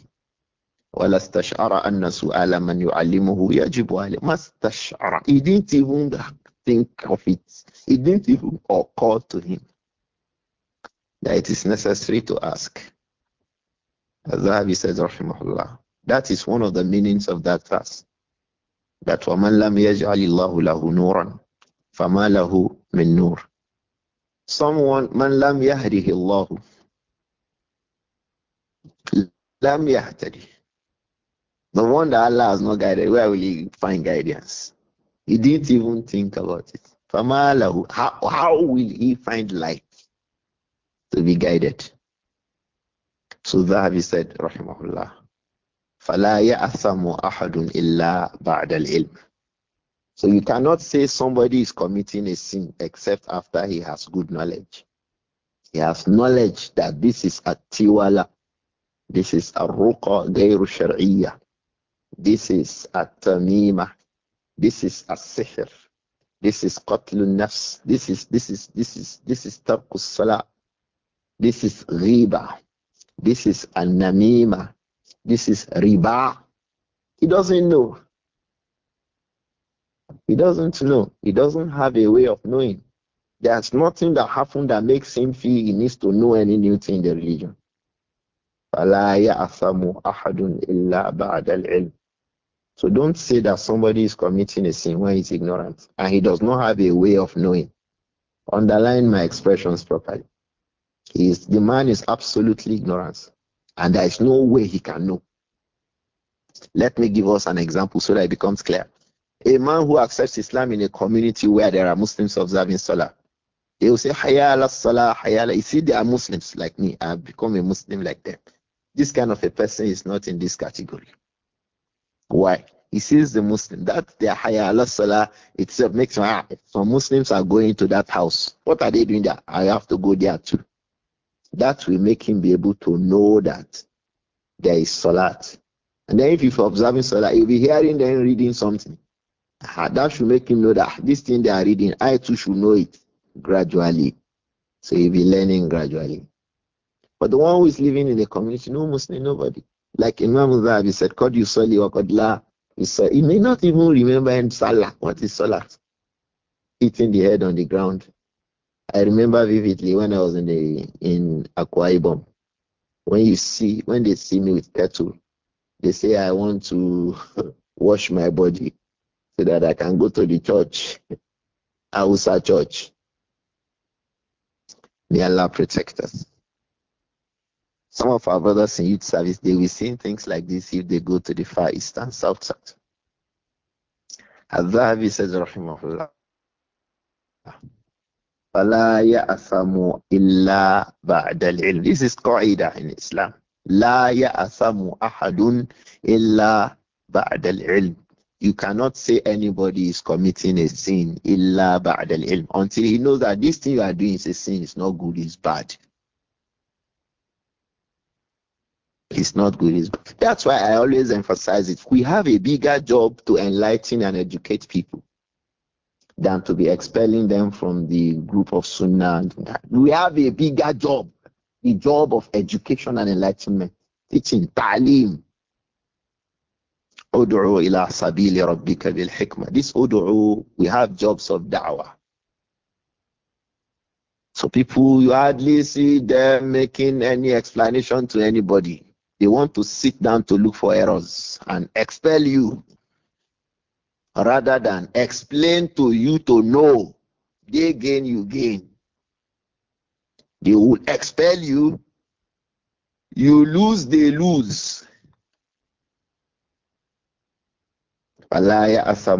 ولا استشعر أن سؤال من يعلمه يجب عليه ما استشعر he didn't even think of it He didn't even occur to him that it is necessary to ask الذهبي said رحمه that is one of the meanings of that verse that ومن لم يجعل الله له نورا فما له من نور Someone, من لم يهره الله لم يهتدي The one that Allah has not guided, where will he find guidance? He didn't even think about it. فما له, how, how will he find light to be guided? So Zahabi said, رحمه الله فلا يأثم أحد إلا بعد العلم. So you cannot say somebody is committing a sin except after he has good knowledge. He has knowledge that this is a tiwala. This is a ruqa gayru shar'iyya. This is a tamima. This is a sihr. This is qatlun nafs. This is this is this is this is tarqus salah. This is riba. This is an namima. This is riba. He doesn't know. He doesn't know. He doesn't have a way of knowing. There's nothing that happened that makes him feel he needs to know any new thing in the religion. So don't say that somebody is committing a sin when he's ignorant and he does not have a way of knowing. Underline my expressions properly. He is, the man is absolutely ignorant and there is no way he can know. Let me give us an example so that it becomes clear. A man who accepts Islam in a community where there are Muslims observing Salah, they will say, Hayala Salah, Hayala. You see, they are Muslims like me. I've become a Muslim like them. This kind of a person is not in this category. Why? He sees the Muslim. That their Hayala Salah itself makes him. ah, some Muslims are going to that house. What are they doing there? I have to go there too. That will make him be able to know that there is Salat. And then if you're observing Salah, you'll be hearing them reading something. That should make him know that this thing they are reading, I too should know it gradually. So he'll be learning gradually. But the one who is living in the community, no Muslim, nobody. Like Imam Zahabi said, God you Sali wa Qadla. He may not even remember in Salah. What is Salah? Hitting the head on the ground. I remember vividly when I was in the in Akwa Ibom. When you see when they see me with tattoo, they say I want to wash my body so that I can go to the church, Ausa church. May Allah protect us. Some of our brothers in youth service, they will see things like this if they go to the Far East and South South. الذهبي says رحمه الله فلا يأثم إلا بعد العلم This is قاعدة in Islam لا يأثم أحد إلا بعد العلم you cannot say anybody is committing a sin illa ba'dal ilm until he knows that this thing you are doing is a sin, it's not good, it's bad. It's not good, it's bad. That's why I always emphasize it. We have a bigger job to enlighten and educate people than to be expelling them from the group of Sunnah. We have a bigger job, the job of education and enlightenment, teaching, ta'lim, Udu'u ila sabili rabbika bil hikmah. This udu'u, we have jobs of da'wah. So people, you hardly see them making any explanation to anybody. They want to sit down to look for errors and expel you rather than explain to you to know. They gain, you gain. They will expel you. You lose, they lose. So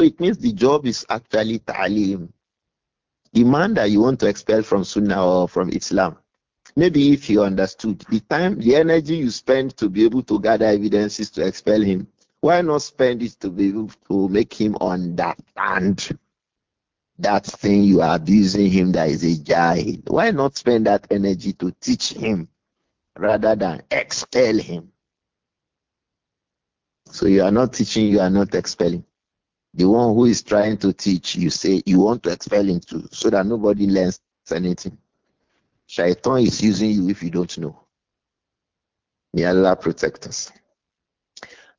it means the job is actually ta'lim. The man that you want to expel from Sunnah or from Islam, maybe if you understood the time, the energy you spend to be able to gather evidences to expel him, why not spend it to be able to make him understand that thing you are abusing him that is a jahil? Why not spend that energy to teach him rather than expel him? So you are not teaching, you are not expelling. The one who is trying to teach, you say you want to expel him too, so that nobody learns anything. Shaitan is using you if you don't know. May Allah protect us.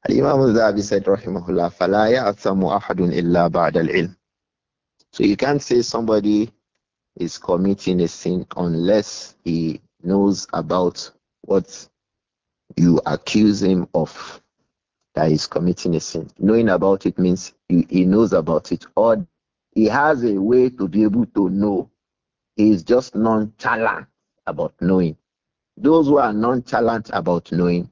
Al-Imam al said, Rahimahullah, فَلَا أَحَدٌ إِلَّا بَعْدَ الْعِلْمِ So you can't say somebody is committing a sin unless he knows about what you accuse him of that he's committing a sin. Knowing about it means he, he knows about it or he has a way to be able to know. He is just nonchalant about knowing. Those who are nonchalant about knowing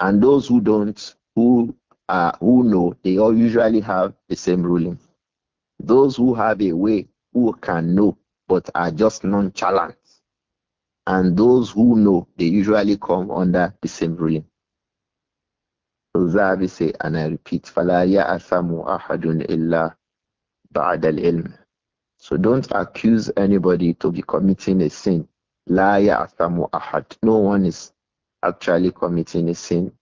and those who don't, who uh, who know, they all usually have the same ruling. Those who have a way, who can know, but are just nonchalant. And those who know, they usually come under the same ruling say, and I repeat, فَلَا يَأْثَمُ أَحَدٌ إِلَّا بَعْدَ الْعِلْمِ So don't accuse anybody to be committing a sin. لَا يَأْثَمُ أَحَدٌ No one is actually committing a sin.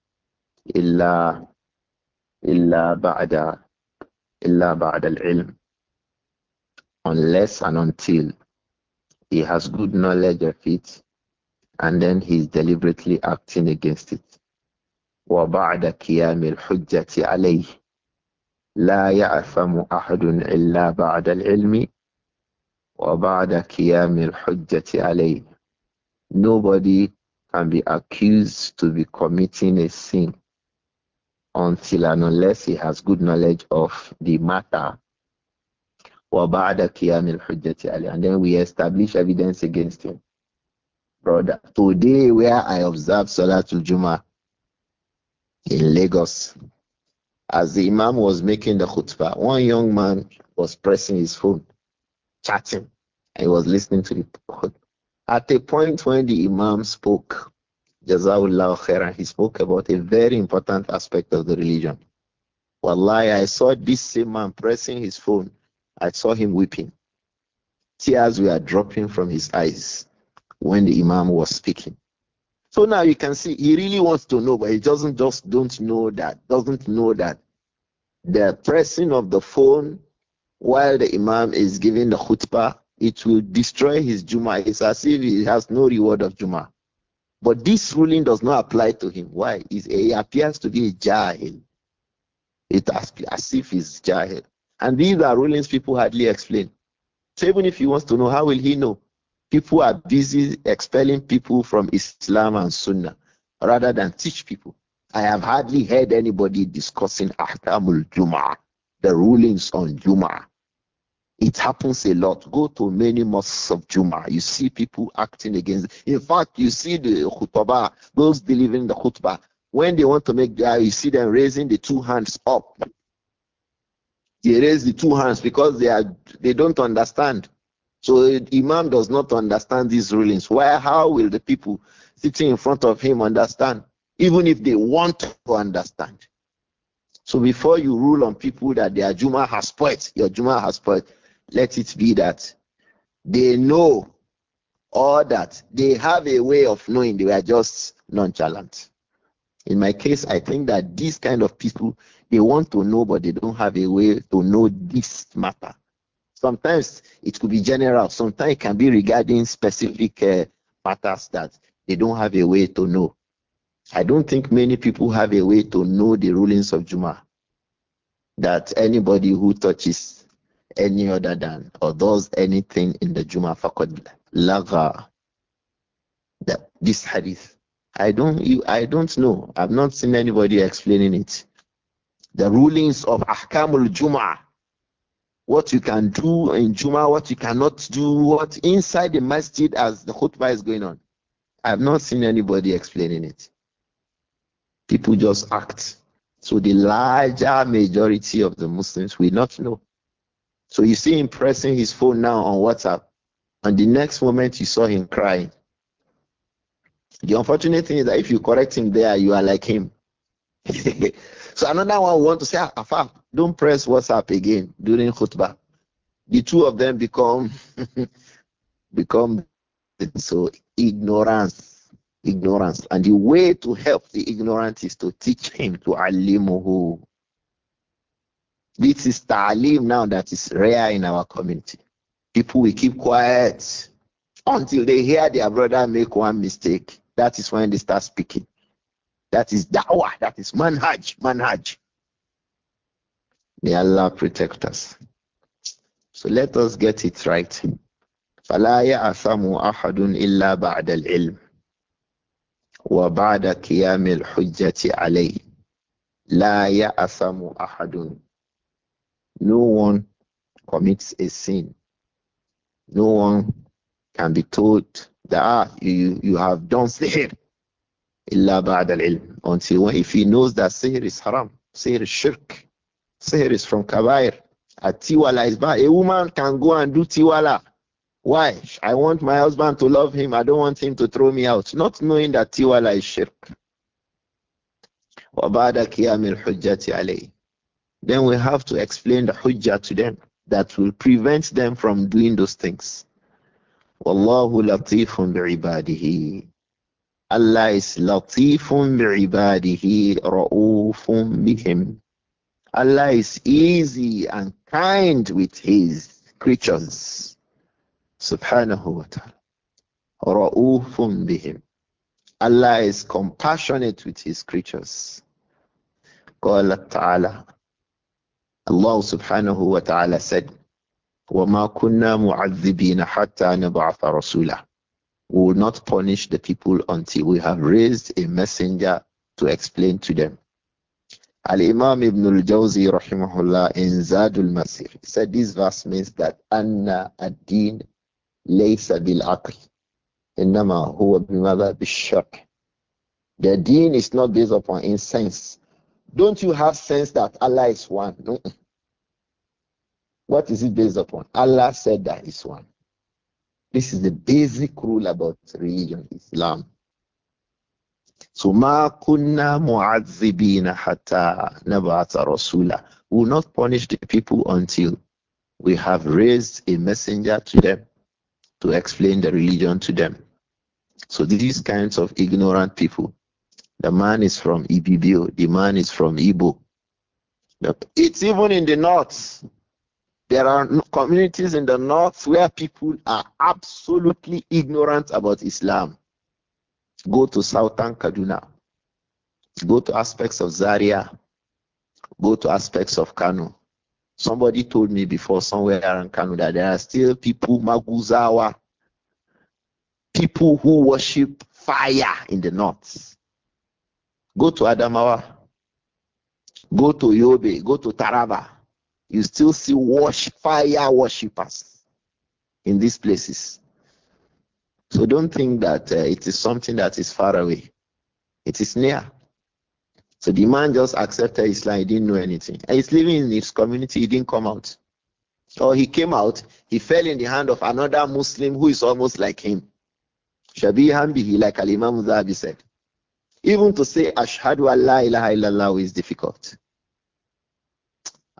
إِلَّا إِلَّا بَعْدَ إِلَّا بَعْدَ الْعِلْمِ Unless and until he has good knowledge of it and then he's deliberately acting against it. وبعد قيام الحجة عليه لا يعفم أحد إلا بعد العلم وبعد قيام الحجة عليه Nobody can be accused to be committing a sin until and unless he has good knowledge of the matter. And then we establish evidence against him. Brother, today where I observe Salatul Jummah, in Lagos. As the Imam was making the khutbah, one young man was pressing his phone, chatting, and he was listening to the khutbah. At a point when the Imam spoke, Jazawullah khairan, he spoke about a very important aspect of the religion. Wallahi, I saw this same man pressing his phone. I saw him weeping. Tears were dropping from his eyes when the Imam was speaking. So now you can see he really wants to know, but he doesn't just don't know that, doesn't know that the pressing of the phone while the Imam is giving the khutbah, it will destroy his Juma. It's as if he has no reward of Juma. But this ruling does not apply to him. Why? He's, he appears to be a Jahil. It as, as if he's Jahil. And these are rulings people hardly explain. So even if he wants to know, how will he know? People are busy expelling people from Islam and Sunnah rather than teach people. I have hardly heard anybody discussing Ahkamul Jum'ah, the rulings on Jum'ah. It happens a lot. Go to many mosques of Jum'ah. You see people acting against. In fact, you see the khutbah, those delivering the khutbah, when they want to make dua, you see them raising the two hands up. They raise the two hands because they are they don't understand. So Imam does not understand these rulings. Why? How will the people sitting in front of him understand, even if they want to understand? So before you rule on people that their Juma has spoiled, your Juma has spoiled, let it be that they know or that they have a way of knowing they are just nonchalant. In my case, I think that these kind of people, they want to know, but they don't have a way to know this matter. Sometimes it could be general, sometimes it can be regarding specific uh, matters that they don't have a way to know. I don't think many people have a way to know the rulings of Juma. That anybody who touches any other than or does anything in the Juma faqad laga. This hadith, I don't, I don't know. I've not seen anybody explaining it. The rulings of Ahkamul Juma what you can do in Juma, what you cannot do, what inside the masjid as the khutbah is going on. I have not seen anybody explaining it. People just act. So the larger majority of the Muslims will not know. So you see him pressing his phone now on WhatsApp, and the next moment you saw him crying. The unfortunate thing is that if you correct him there, you are like him. So another one want to say, ah, Afaf, don't press WhatsApp again during khutbah. The two of them become become so ignorance, ignorance. And the way to help the ignorant is to teach him to alimuhu. This is Talim now that is rare in our community. People will keep quiet until they hear their brother make one mistake. That is when they start speaking. That is da'wah. That is manhaj. Manhaj. May Allah protect us. So let us get it right. فلا يعثم أحد إلا بعد العلم وبعد قيام الحجة عليه لا يعثم أحد No one commits a sin. No one can be told that ah, you, you have done sin illa ba'd al-ilm. Until when, if he knows that sihr is haram, sihr is shirk, sihr is from kabair, a tiwala is bad. A woman can go and do tiwala. Why? I want my husband to love him. I don't want him to throw me out. Not knowing that tiwala is shirk. Then we have to explain the hujjah to them that will prevent them from doing those things. Wallahu latifun bi'ibadihi. الله is لطيف بعباده رؤوف بهم الله is easy and kind with his creatures. سبحانه وتعالى رؤوف بهم الله Allah is compassionate with his creatures. قال تعالى الله سبحانه وتعالى said وما كنا معذبين حتى نبعث رسولا We will not punish the people until we have raised a messenger to explain to them. Al-Imam Ibn al-Jawzi rahimahullah in Zadul Masir said this verse means that anna ad-din laysa bil aql innama huwa bimadha bishar. The deen is not based upon insense. Don't you have sense that Allah is one? No. What is it based upon? Allah said that is one. This is the basic rule about religion, Islam. So ma kunna mu'adzibina hatta nab'ata rasula. We will not punish the people until we have raised a messenger to them to explain the religion to them. So these kinds of ignorant people, the man is from Ibibio, the man is from Ibo. It's even in the north. There are communities in the north where people are absolutely ignorant about Islam. Go to southern Kaduna, go to aspects of Zaria, go to aspects of Kano. Somebody told me before somewhere around Kano that there are still people, Maguzawa, people who worship fire in the north. Go to Adamawa, go to Yobe, go to Taraba you still see fire worshippers in these places. So don't think that uh, it is something that is far away. It is near. So the man just accepted Islam. He didn't know anything. And he's living in his community. He didn't come out. Or so he came out. He fell in the hand of another Muslim who is almost like him. Shabi Hambihi, like Al Imam Zahabi said. Even to say Ashhadu Allah ilaha illallah is difficult.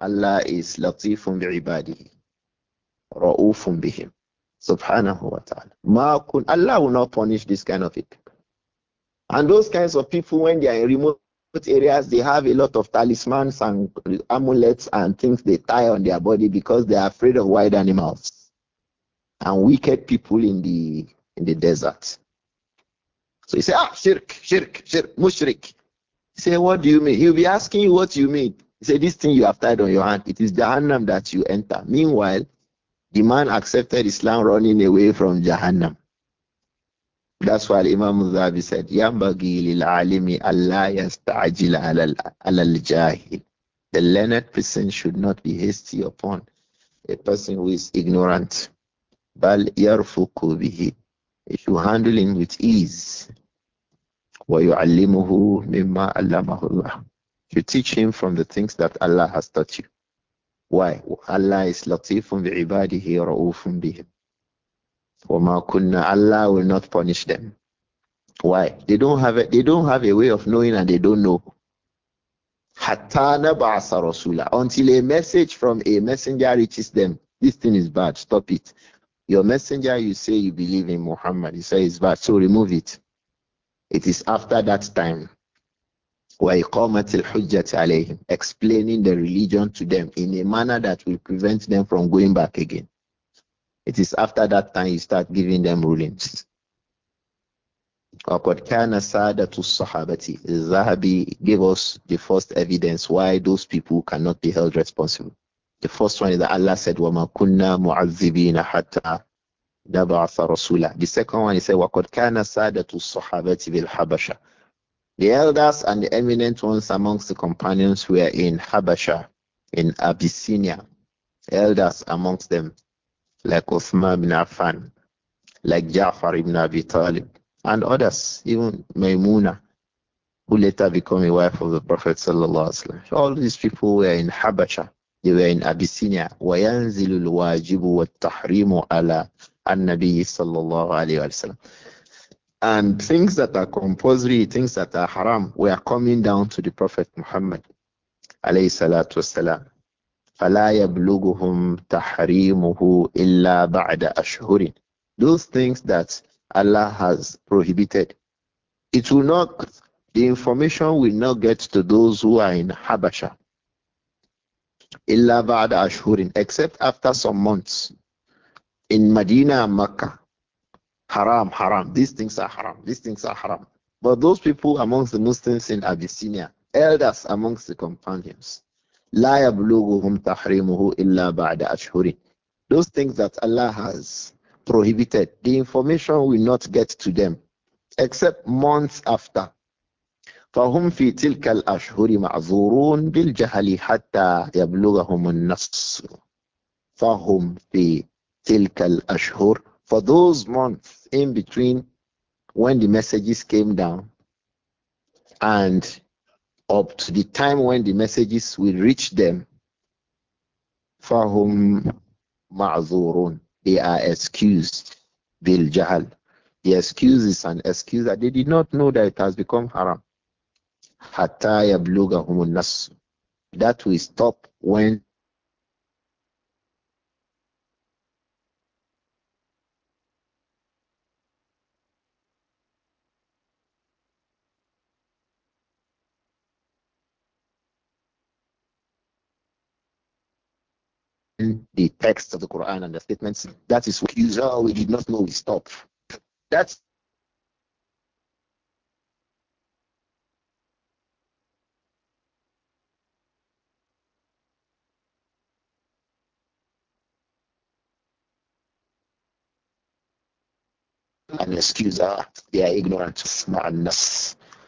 Allah is latifun bi'ibadihi, ra'ufun bihim, subhanahu wa ta'ala. Ma kun, Allah will not punish this kind of people. And those kinds of people, when they are in remote areas, they have a lot of talismans and amulets and things they tie on their body because they are afraid of wild animals and wicked people in the in the desert. So you say, ah, shirk, shirk, shirk, mushrik. You say, what do you mean? He'll be asking you what you mean. He said, This thing you have tied on your hand, it is Jahannam that you enter. Meanwhile, the man accepted Islam running away from Jahannam. That's why Imam Zabi said, Yambagi lil alimi Allah yasta'ajil alal jahil. The learned person should not be hasty upon a person who is ignorant. Bal yarfuku bihi. You should handle him with ease. وَيُعَلِّمُهُ مِمَّا عَلَّمَهُ Allah. You teach him from the things that Allah has taught you. Why? Allah is latifun bi'ibadihi ra'ufun bihim. وَمَا كُنَّا Allah will not punish them. Why? They don't have a, they don't have a way of knowing and they don't know. Hatta nab'asa rasula. Until a message from a messenger reaches them. This thing is bad. Stop it. Your messenger, you say you believe in Muhammad. You say it's bad. So remove it. It is after that time وَإِقَامَةِ الْحُجَّةِ عَلَيْهِمْ Explaining the religion to them in a manner that will prevent them from going back again. It is after that time you start giving them rulings. وقد كان سادة الصحابة Zahabi gave us the first evidence why those people cannot be held responsible. The first one is that Allah said, وَمَا كُنَّا مُعَذِّبِينَ حَتَّى نَبْعَثَ رَسُولًا The second one is said, وَقَدْ كَانَ سَادَةُ الصَّحَابَةِ بِالْحَبَشَةِ the elders and the eminent ones amongst the companions were in Habasha, in Abyssinia. Elders amongst them, like Uthman bin Affan, like Ja'far ibn Abi Talib, and others, even Maimuna, who later became a wife of the Prophet All these people were in Habasha, they were in Abyssinia. وَيَنْزِلُ الْوَاجِبُ وَالتَّحْرِيمُ عَلَى النَّبِيِّ صَلَّى اللَّهُ عَلَيْهِ وَسَلَّمَ and things that are compulsory, things that are haram, were coming down to the Prophet Muhammad. alayhi salatu wasalam. فَلَا يَبْلُغُهُمْ تَحْرِيمُهُ إِلَّا بَعْدَ أَشْهُرٍ Those things that Allah has prohibited. It will not, the information will not get to those who are in Habasha. إِلَّا بَعْدَ أَشْهُرٍ Except after some months. In Medina and Makkah, Haram, haram. These things are haram. These things are haram. But those people amongst the Muslims in Abyssinia, elders amongst the companions, لا يبلغهم تحريمه إلا بعد أشهر. Those things that Allah has prohibited, the information will not get to them except months after. فهم في تلك الأشهر معذورون بالجهل حتى يبلغهم النص. فهم في تلك الأشهر for those months in between when the messages came down and up to the time when the messages will reach them, فَهُمْ ma'zurun, They are excused. Bil Jahal. The excuse is an excuse that they did not know that it has become haram. Hatta humun nasu, That will stop when the text of the Quran and the statements. That is what usually we did not know we stop. That's an excuse they are ignorant.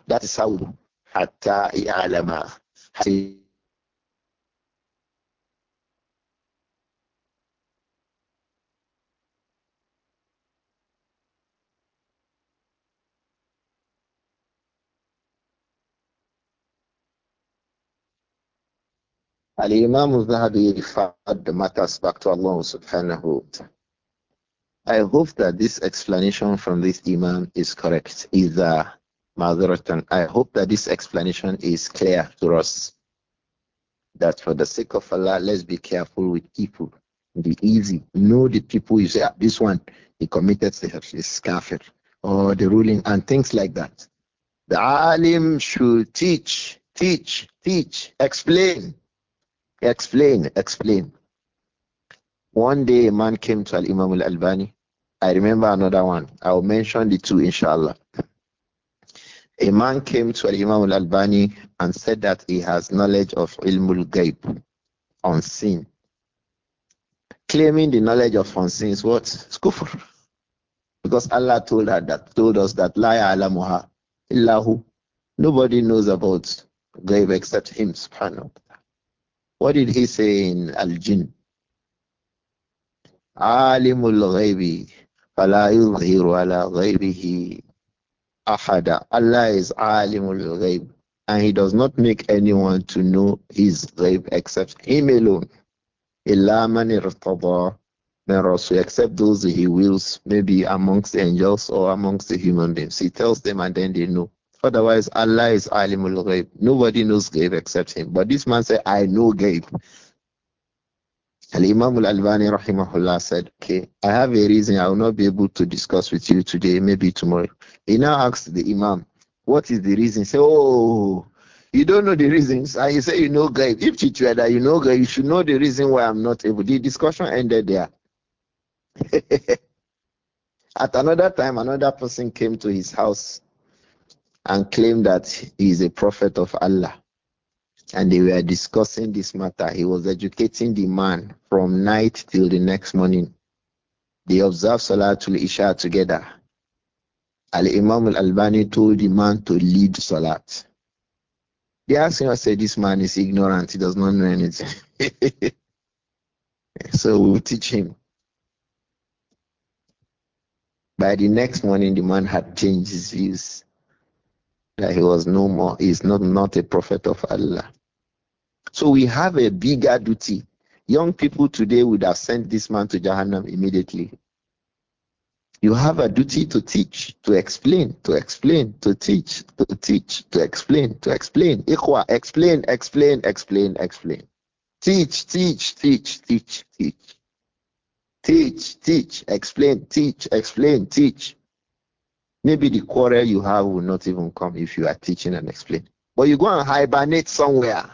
That is how حتى يعلم Al Imam Zahabi referred the matters back to Allah subhanahu wa ta'ala. I hope that this explanation from this Imam is correct. Either Madaratan. I hope that this explanation is clear to us. That for the sake of Allah, let's be careful with people. Be easy. Know the people you say, this one, he committed sihr, he's kafir, or the ruling, and things like that. The alim should teach, teach, teach, explain. Explain, explain. One day a man came to Al Imam Al Albani. I remember another one. I'll mention the two, inshallah. A man came to Al Imam Al Albani and said that he has knowledge of Ilmul on unseen. Claiming the knowledge of unseen is what? It's kufr. Because Allah told her that told us that La alamuhu, illahu. Nobody knows about grave except him, subhanahu. What did he say in Al Jinn? Alimul Ghaibi, fala يُظْهِرُ ala غَيْبِهِ أَحَدًا Allah is Alimul Ghaib, and He does not make anyone to know His Ghaib except Him alone. إِلَّا مَنِ ارْتَضَى min Rasul, except those He wills, maybe amongst angels or amongst the human beings. He tells them and then they know. Otherwise, Allah is Alimul Ghaib. Nobody knows Ghaib except Him. But this man said, I know Ghaib. Al Imam Al Albani rahimahullah said, Okay, I have a reason I will not be able to discuss with you today, maybe tomorrow. He now asked the Imam, What is the reason? He said, Oh, you don't know the reasons. And he say you know Ghaib. If you were that you know Ghaib, you should know the reason why I'm not able. The discussion ended there. At another time, another person came to his house and claimed that he is a prophet of Allah. And they were discussing this matter. He was educating the man from night till the next morning. They observed Salatul Isha together. Al Imam Al Albani told the man to lead Salat. They asked him, I said, This man is ignorant. He does not know anything. so we'll teach him. By the next morning, the man had changed his views that he was no more, is not, not a prophet of Allah. So we have a bigger duty. Young people today would have sent this man to Jahannam immediately. You have a duty to teach, to explain, to explain, to teach, to teach, to explain, to explain. Ikhwa, explain, explain, explain, explain. Teach, teach, teach, teach, teach. Teach, teach, explain, teach, explain, teach. Maybe the quarrel you have will not even come if you are teaching and explaining. But you go and hibernate somewhere.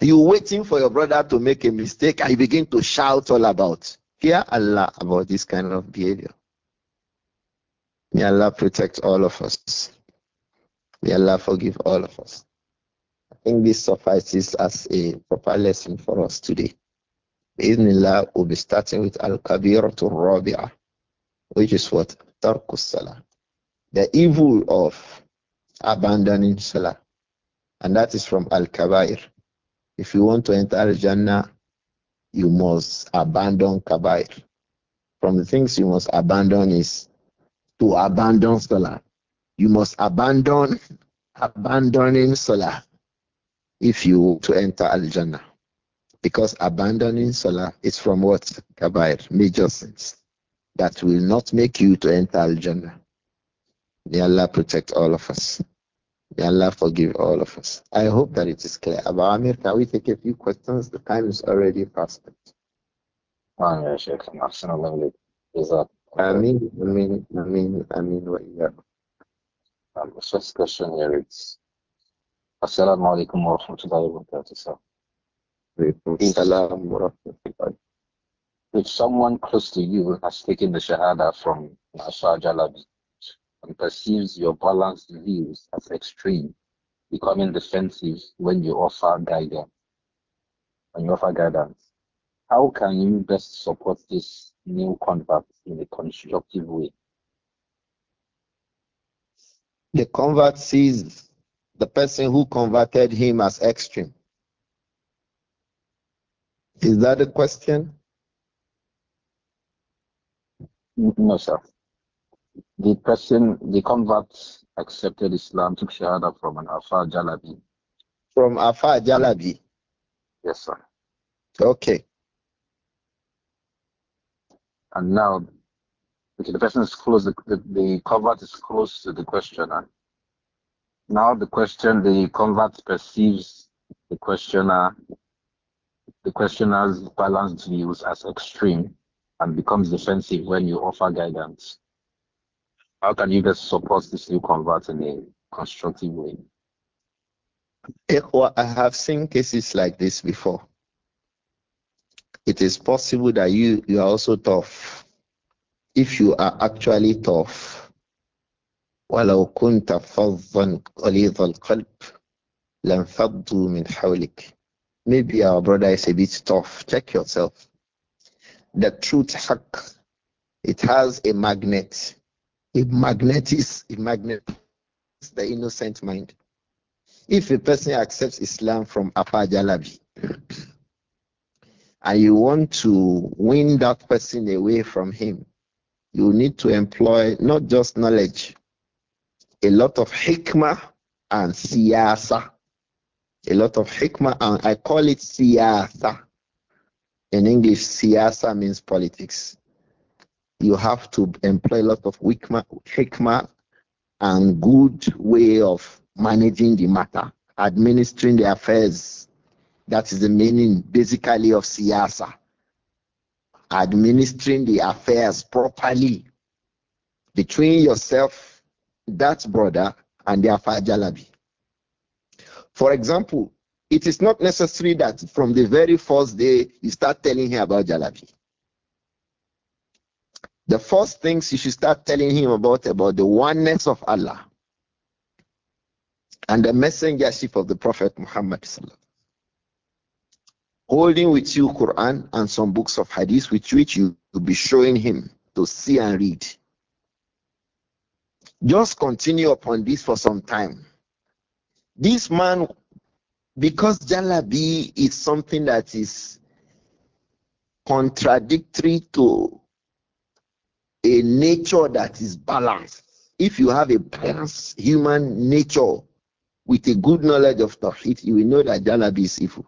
You're waiting for your brother to make a mistake and you begin to shout all about. Hear Allah about this kind of behavior. May Allah protect all of us. May Allah forgive all of us. I think this suffices as a proper lesson for us today. Bismillah, we'll be starting with Al Kabir to Rabi'ah, which is what? Tarkus Salah. The evil of abandoning Salah. And that is from Al Kabair. If you want to enter Al Jannah, you must abandon Kabair. From the things you must abandon is to abandon Salah. You must abandon abandoning Salah if you to enter Al Jannah. Because abandoning Salah is from what? Kabair, major sins that will not make you to enter Al Jannah. May Allah protect all of us. May Allah forgive all of us. I hope that it is clear. Abu Amir, can we take a few questions? The time is already past. Ameen, ameen, ameen, ameen, wa iyyakum. Um, the first question here is Assalamu alaikum wa rahmatullahi wa barakatuh. Wa alaikum assalam wa rahmatullahi if someone close to you has taken the Shahada from Ashar Jalabi and perceives your balanced views as extreme, becoming defensive when you offer guidance, when you offer guidance, how can you best support this new convert in a constructive way? The convert sees the person who converted him as extreme. Is that the question? No, sir. The person, the convert accepted Islam, took Shahada from an Afar Jalabi. From Afar Jalabi? Yes, sir. Okay. And now, okay, the person is close, the, the, the convert is close to the questioner. Now the question, the convert perceives the questioner, the questioner's balanced views as extreme and becomes defensive when you offer guidance? How can you just support this new convert in a constructive way? I have seen cases like this before. It is possible that you, you are also tough. If you are actually tough, ولو كنت فظا غليظ القلب لانفضوا من حولك maybe our brother is a bit tough check yourself the truth haq, it has a magnet. It magnetizes, it magnetizes the innocent mind. If a person accepts Islam from Apa Jalabi, and you want to win that person away from him, you need to employ not just knowledge, a lot of hikmah and siyasa. A lot of hikmah, and I call it siyasa. In English, siyasa means politics. You have to employ a lot of hikmah, and good way of managing the matter, administering the affairs. That is the meaning, basically, of siyasa. Administering the affairs properly between yourself, that brother, and their Jalabi. For example, it is not necessary that from the very first day you start telling him about jalabi. The first things you should start telling him about about the oneness of Allah and the messengership of the Prophet Muhammad. Holding with you Quran and some books of hadith with which you will be showing him to see and read. Just continue upon this for some time. This man because jalabi is something that is contradictory to a nature that is balanced. If you have a balanced human nature with a good knowledge of Tawhid, you will know that jalabi is evil.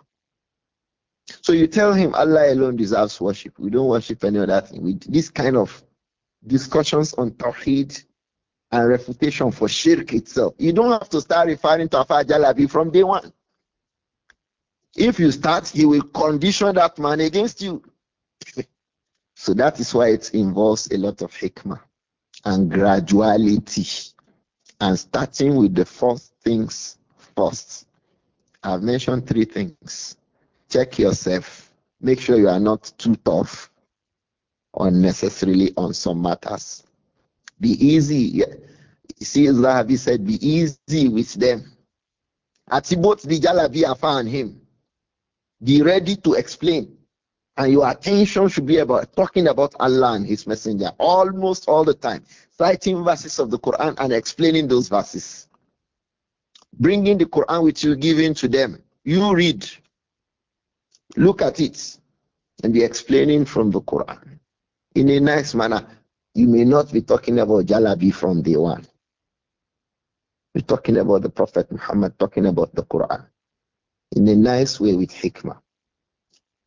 So you tell him Allah alone deserves worship. We don't worship any other thing. With this kind of discussions on Tawheed and refutation for shirk itself, you don't have to start referring to Afar Jalabi from day one. If you start, he will condition that man against you. so that is why it involves a lot of hikmah and graduality and starting with the first things first. I've mentioned three things. Check yourself. Make sure you are not too tough unnecessarily on some matters. Be easy. You see, Zahabi said, be easy with them. At both the Jalabi Afa him, be ready to explain. And your attention should be about talking about Allah and His Messenger almost all the time, citing verses of the Quran and explaining those verses. Bringing the Quran which you giving to them. You read, look at it, and be explaining from the Quran in a nice manner. You may not be talking about Jalabi from day one. you are talking about the Prophet Muhammad, talking about the Quran in a nice way with hikmah.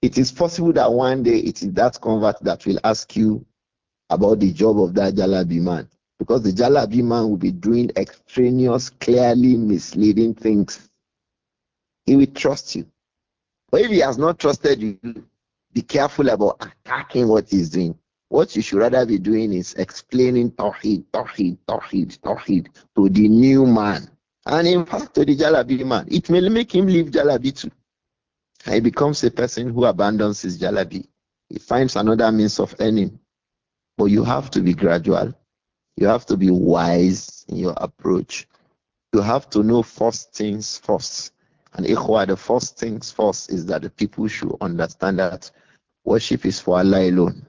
It is possible that one day it is that convert that will ask you about the job of that Jalabi man. Because the Jalabi man will be doing extraneous, clearly misleading things. He will trust you. But if he has not trusted you, be careful about attacking what he's doing. What you should rather be doing is explaining Tawheed, Tawheed, Tawheed, Tawheed to the new man and in fact, to the Jalabi man. It may make him leave Jalabi too. And he becomes a person who abandons his Jalabi. He finds another means of earning. But you have to be gradual. You have to be wise in your approach. You have to know first things first. And Ikhwa, the first things first is that the people should understand that worship is for Allah alone.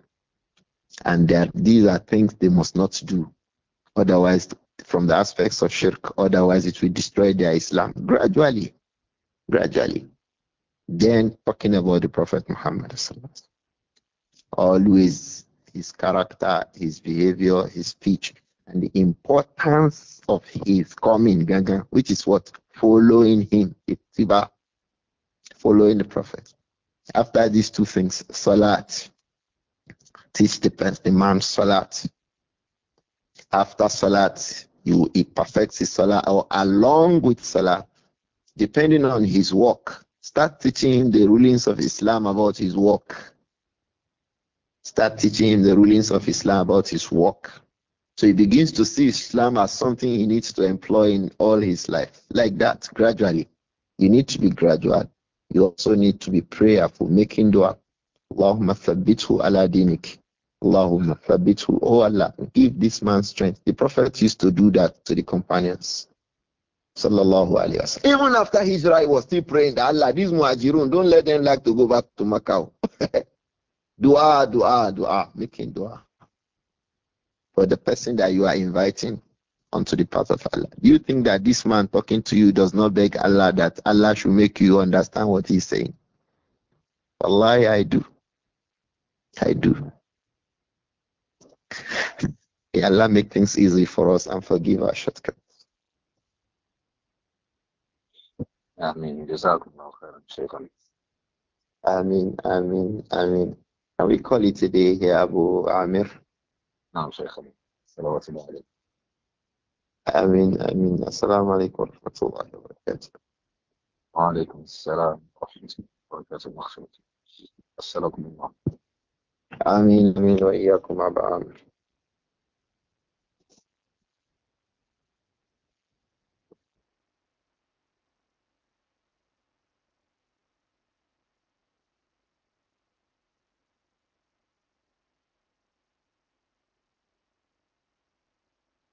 And that these are things they must not do. Otherwise, from the aspects of shirk, otherwise it will destroy their Islam gradually. Gradually. Then talking about the Prophet Muhammad. Always his character, his behavior, his speech, and the importance of his coming, Gaga, which is what? Following him, itiba, following the Prophet. After these two things, Salat, teach the, the man Salat. After Salat, you he perfects his salah or along with salah, depending on his work. Start teaching him the rulings of Islam about his work. Start teaching him the rulings of Islam about his work. So he begins to see Islam as something he needs to employ in all his life. Like that, gradually. You need to be gradual. You also need to be prayerful, making dua. Allahumma thabbithu ala dinik. Allahumma thabithu, oh Allah, give this man strength. The Prophet used to do that to the companions. Sallallahu alayhi wasallam. Even after his he was still praying that Allah, these muajirun, don't let them like to go back to Macau. dua, dua, dua, making dua. For the person that you are inviting onto the path of Allah. Do you think that this man talking to you does not beg Allah that Allah should make you understand what he's saying? Allah, I do. I do. May Allah make things easy for us and forgive our shortcuts. Ameen. Jazakumullah khairan, Shaykhan. Ameen, Ameen, Ameen. Can we call it today here, Abu Amir? نعم شيخنا صلوات الله عليه آمين آمين alaikum عليكم ورحمة الله وبركاته وعليكم السلام ورحمة الله وبركاته أسألكم الله آمين آمين وإياكم أبا آمين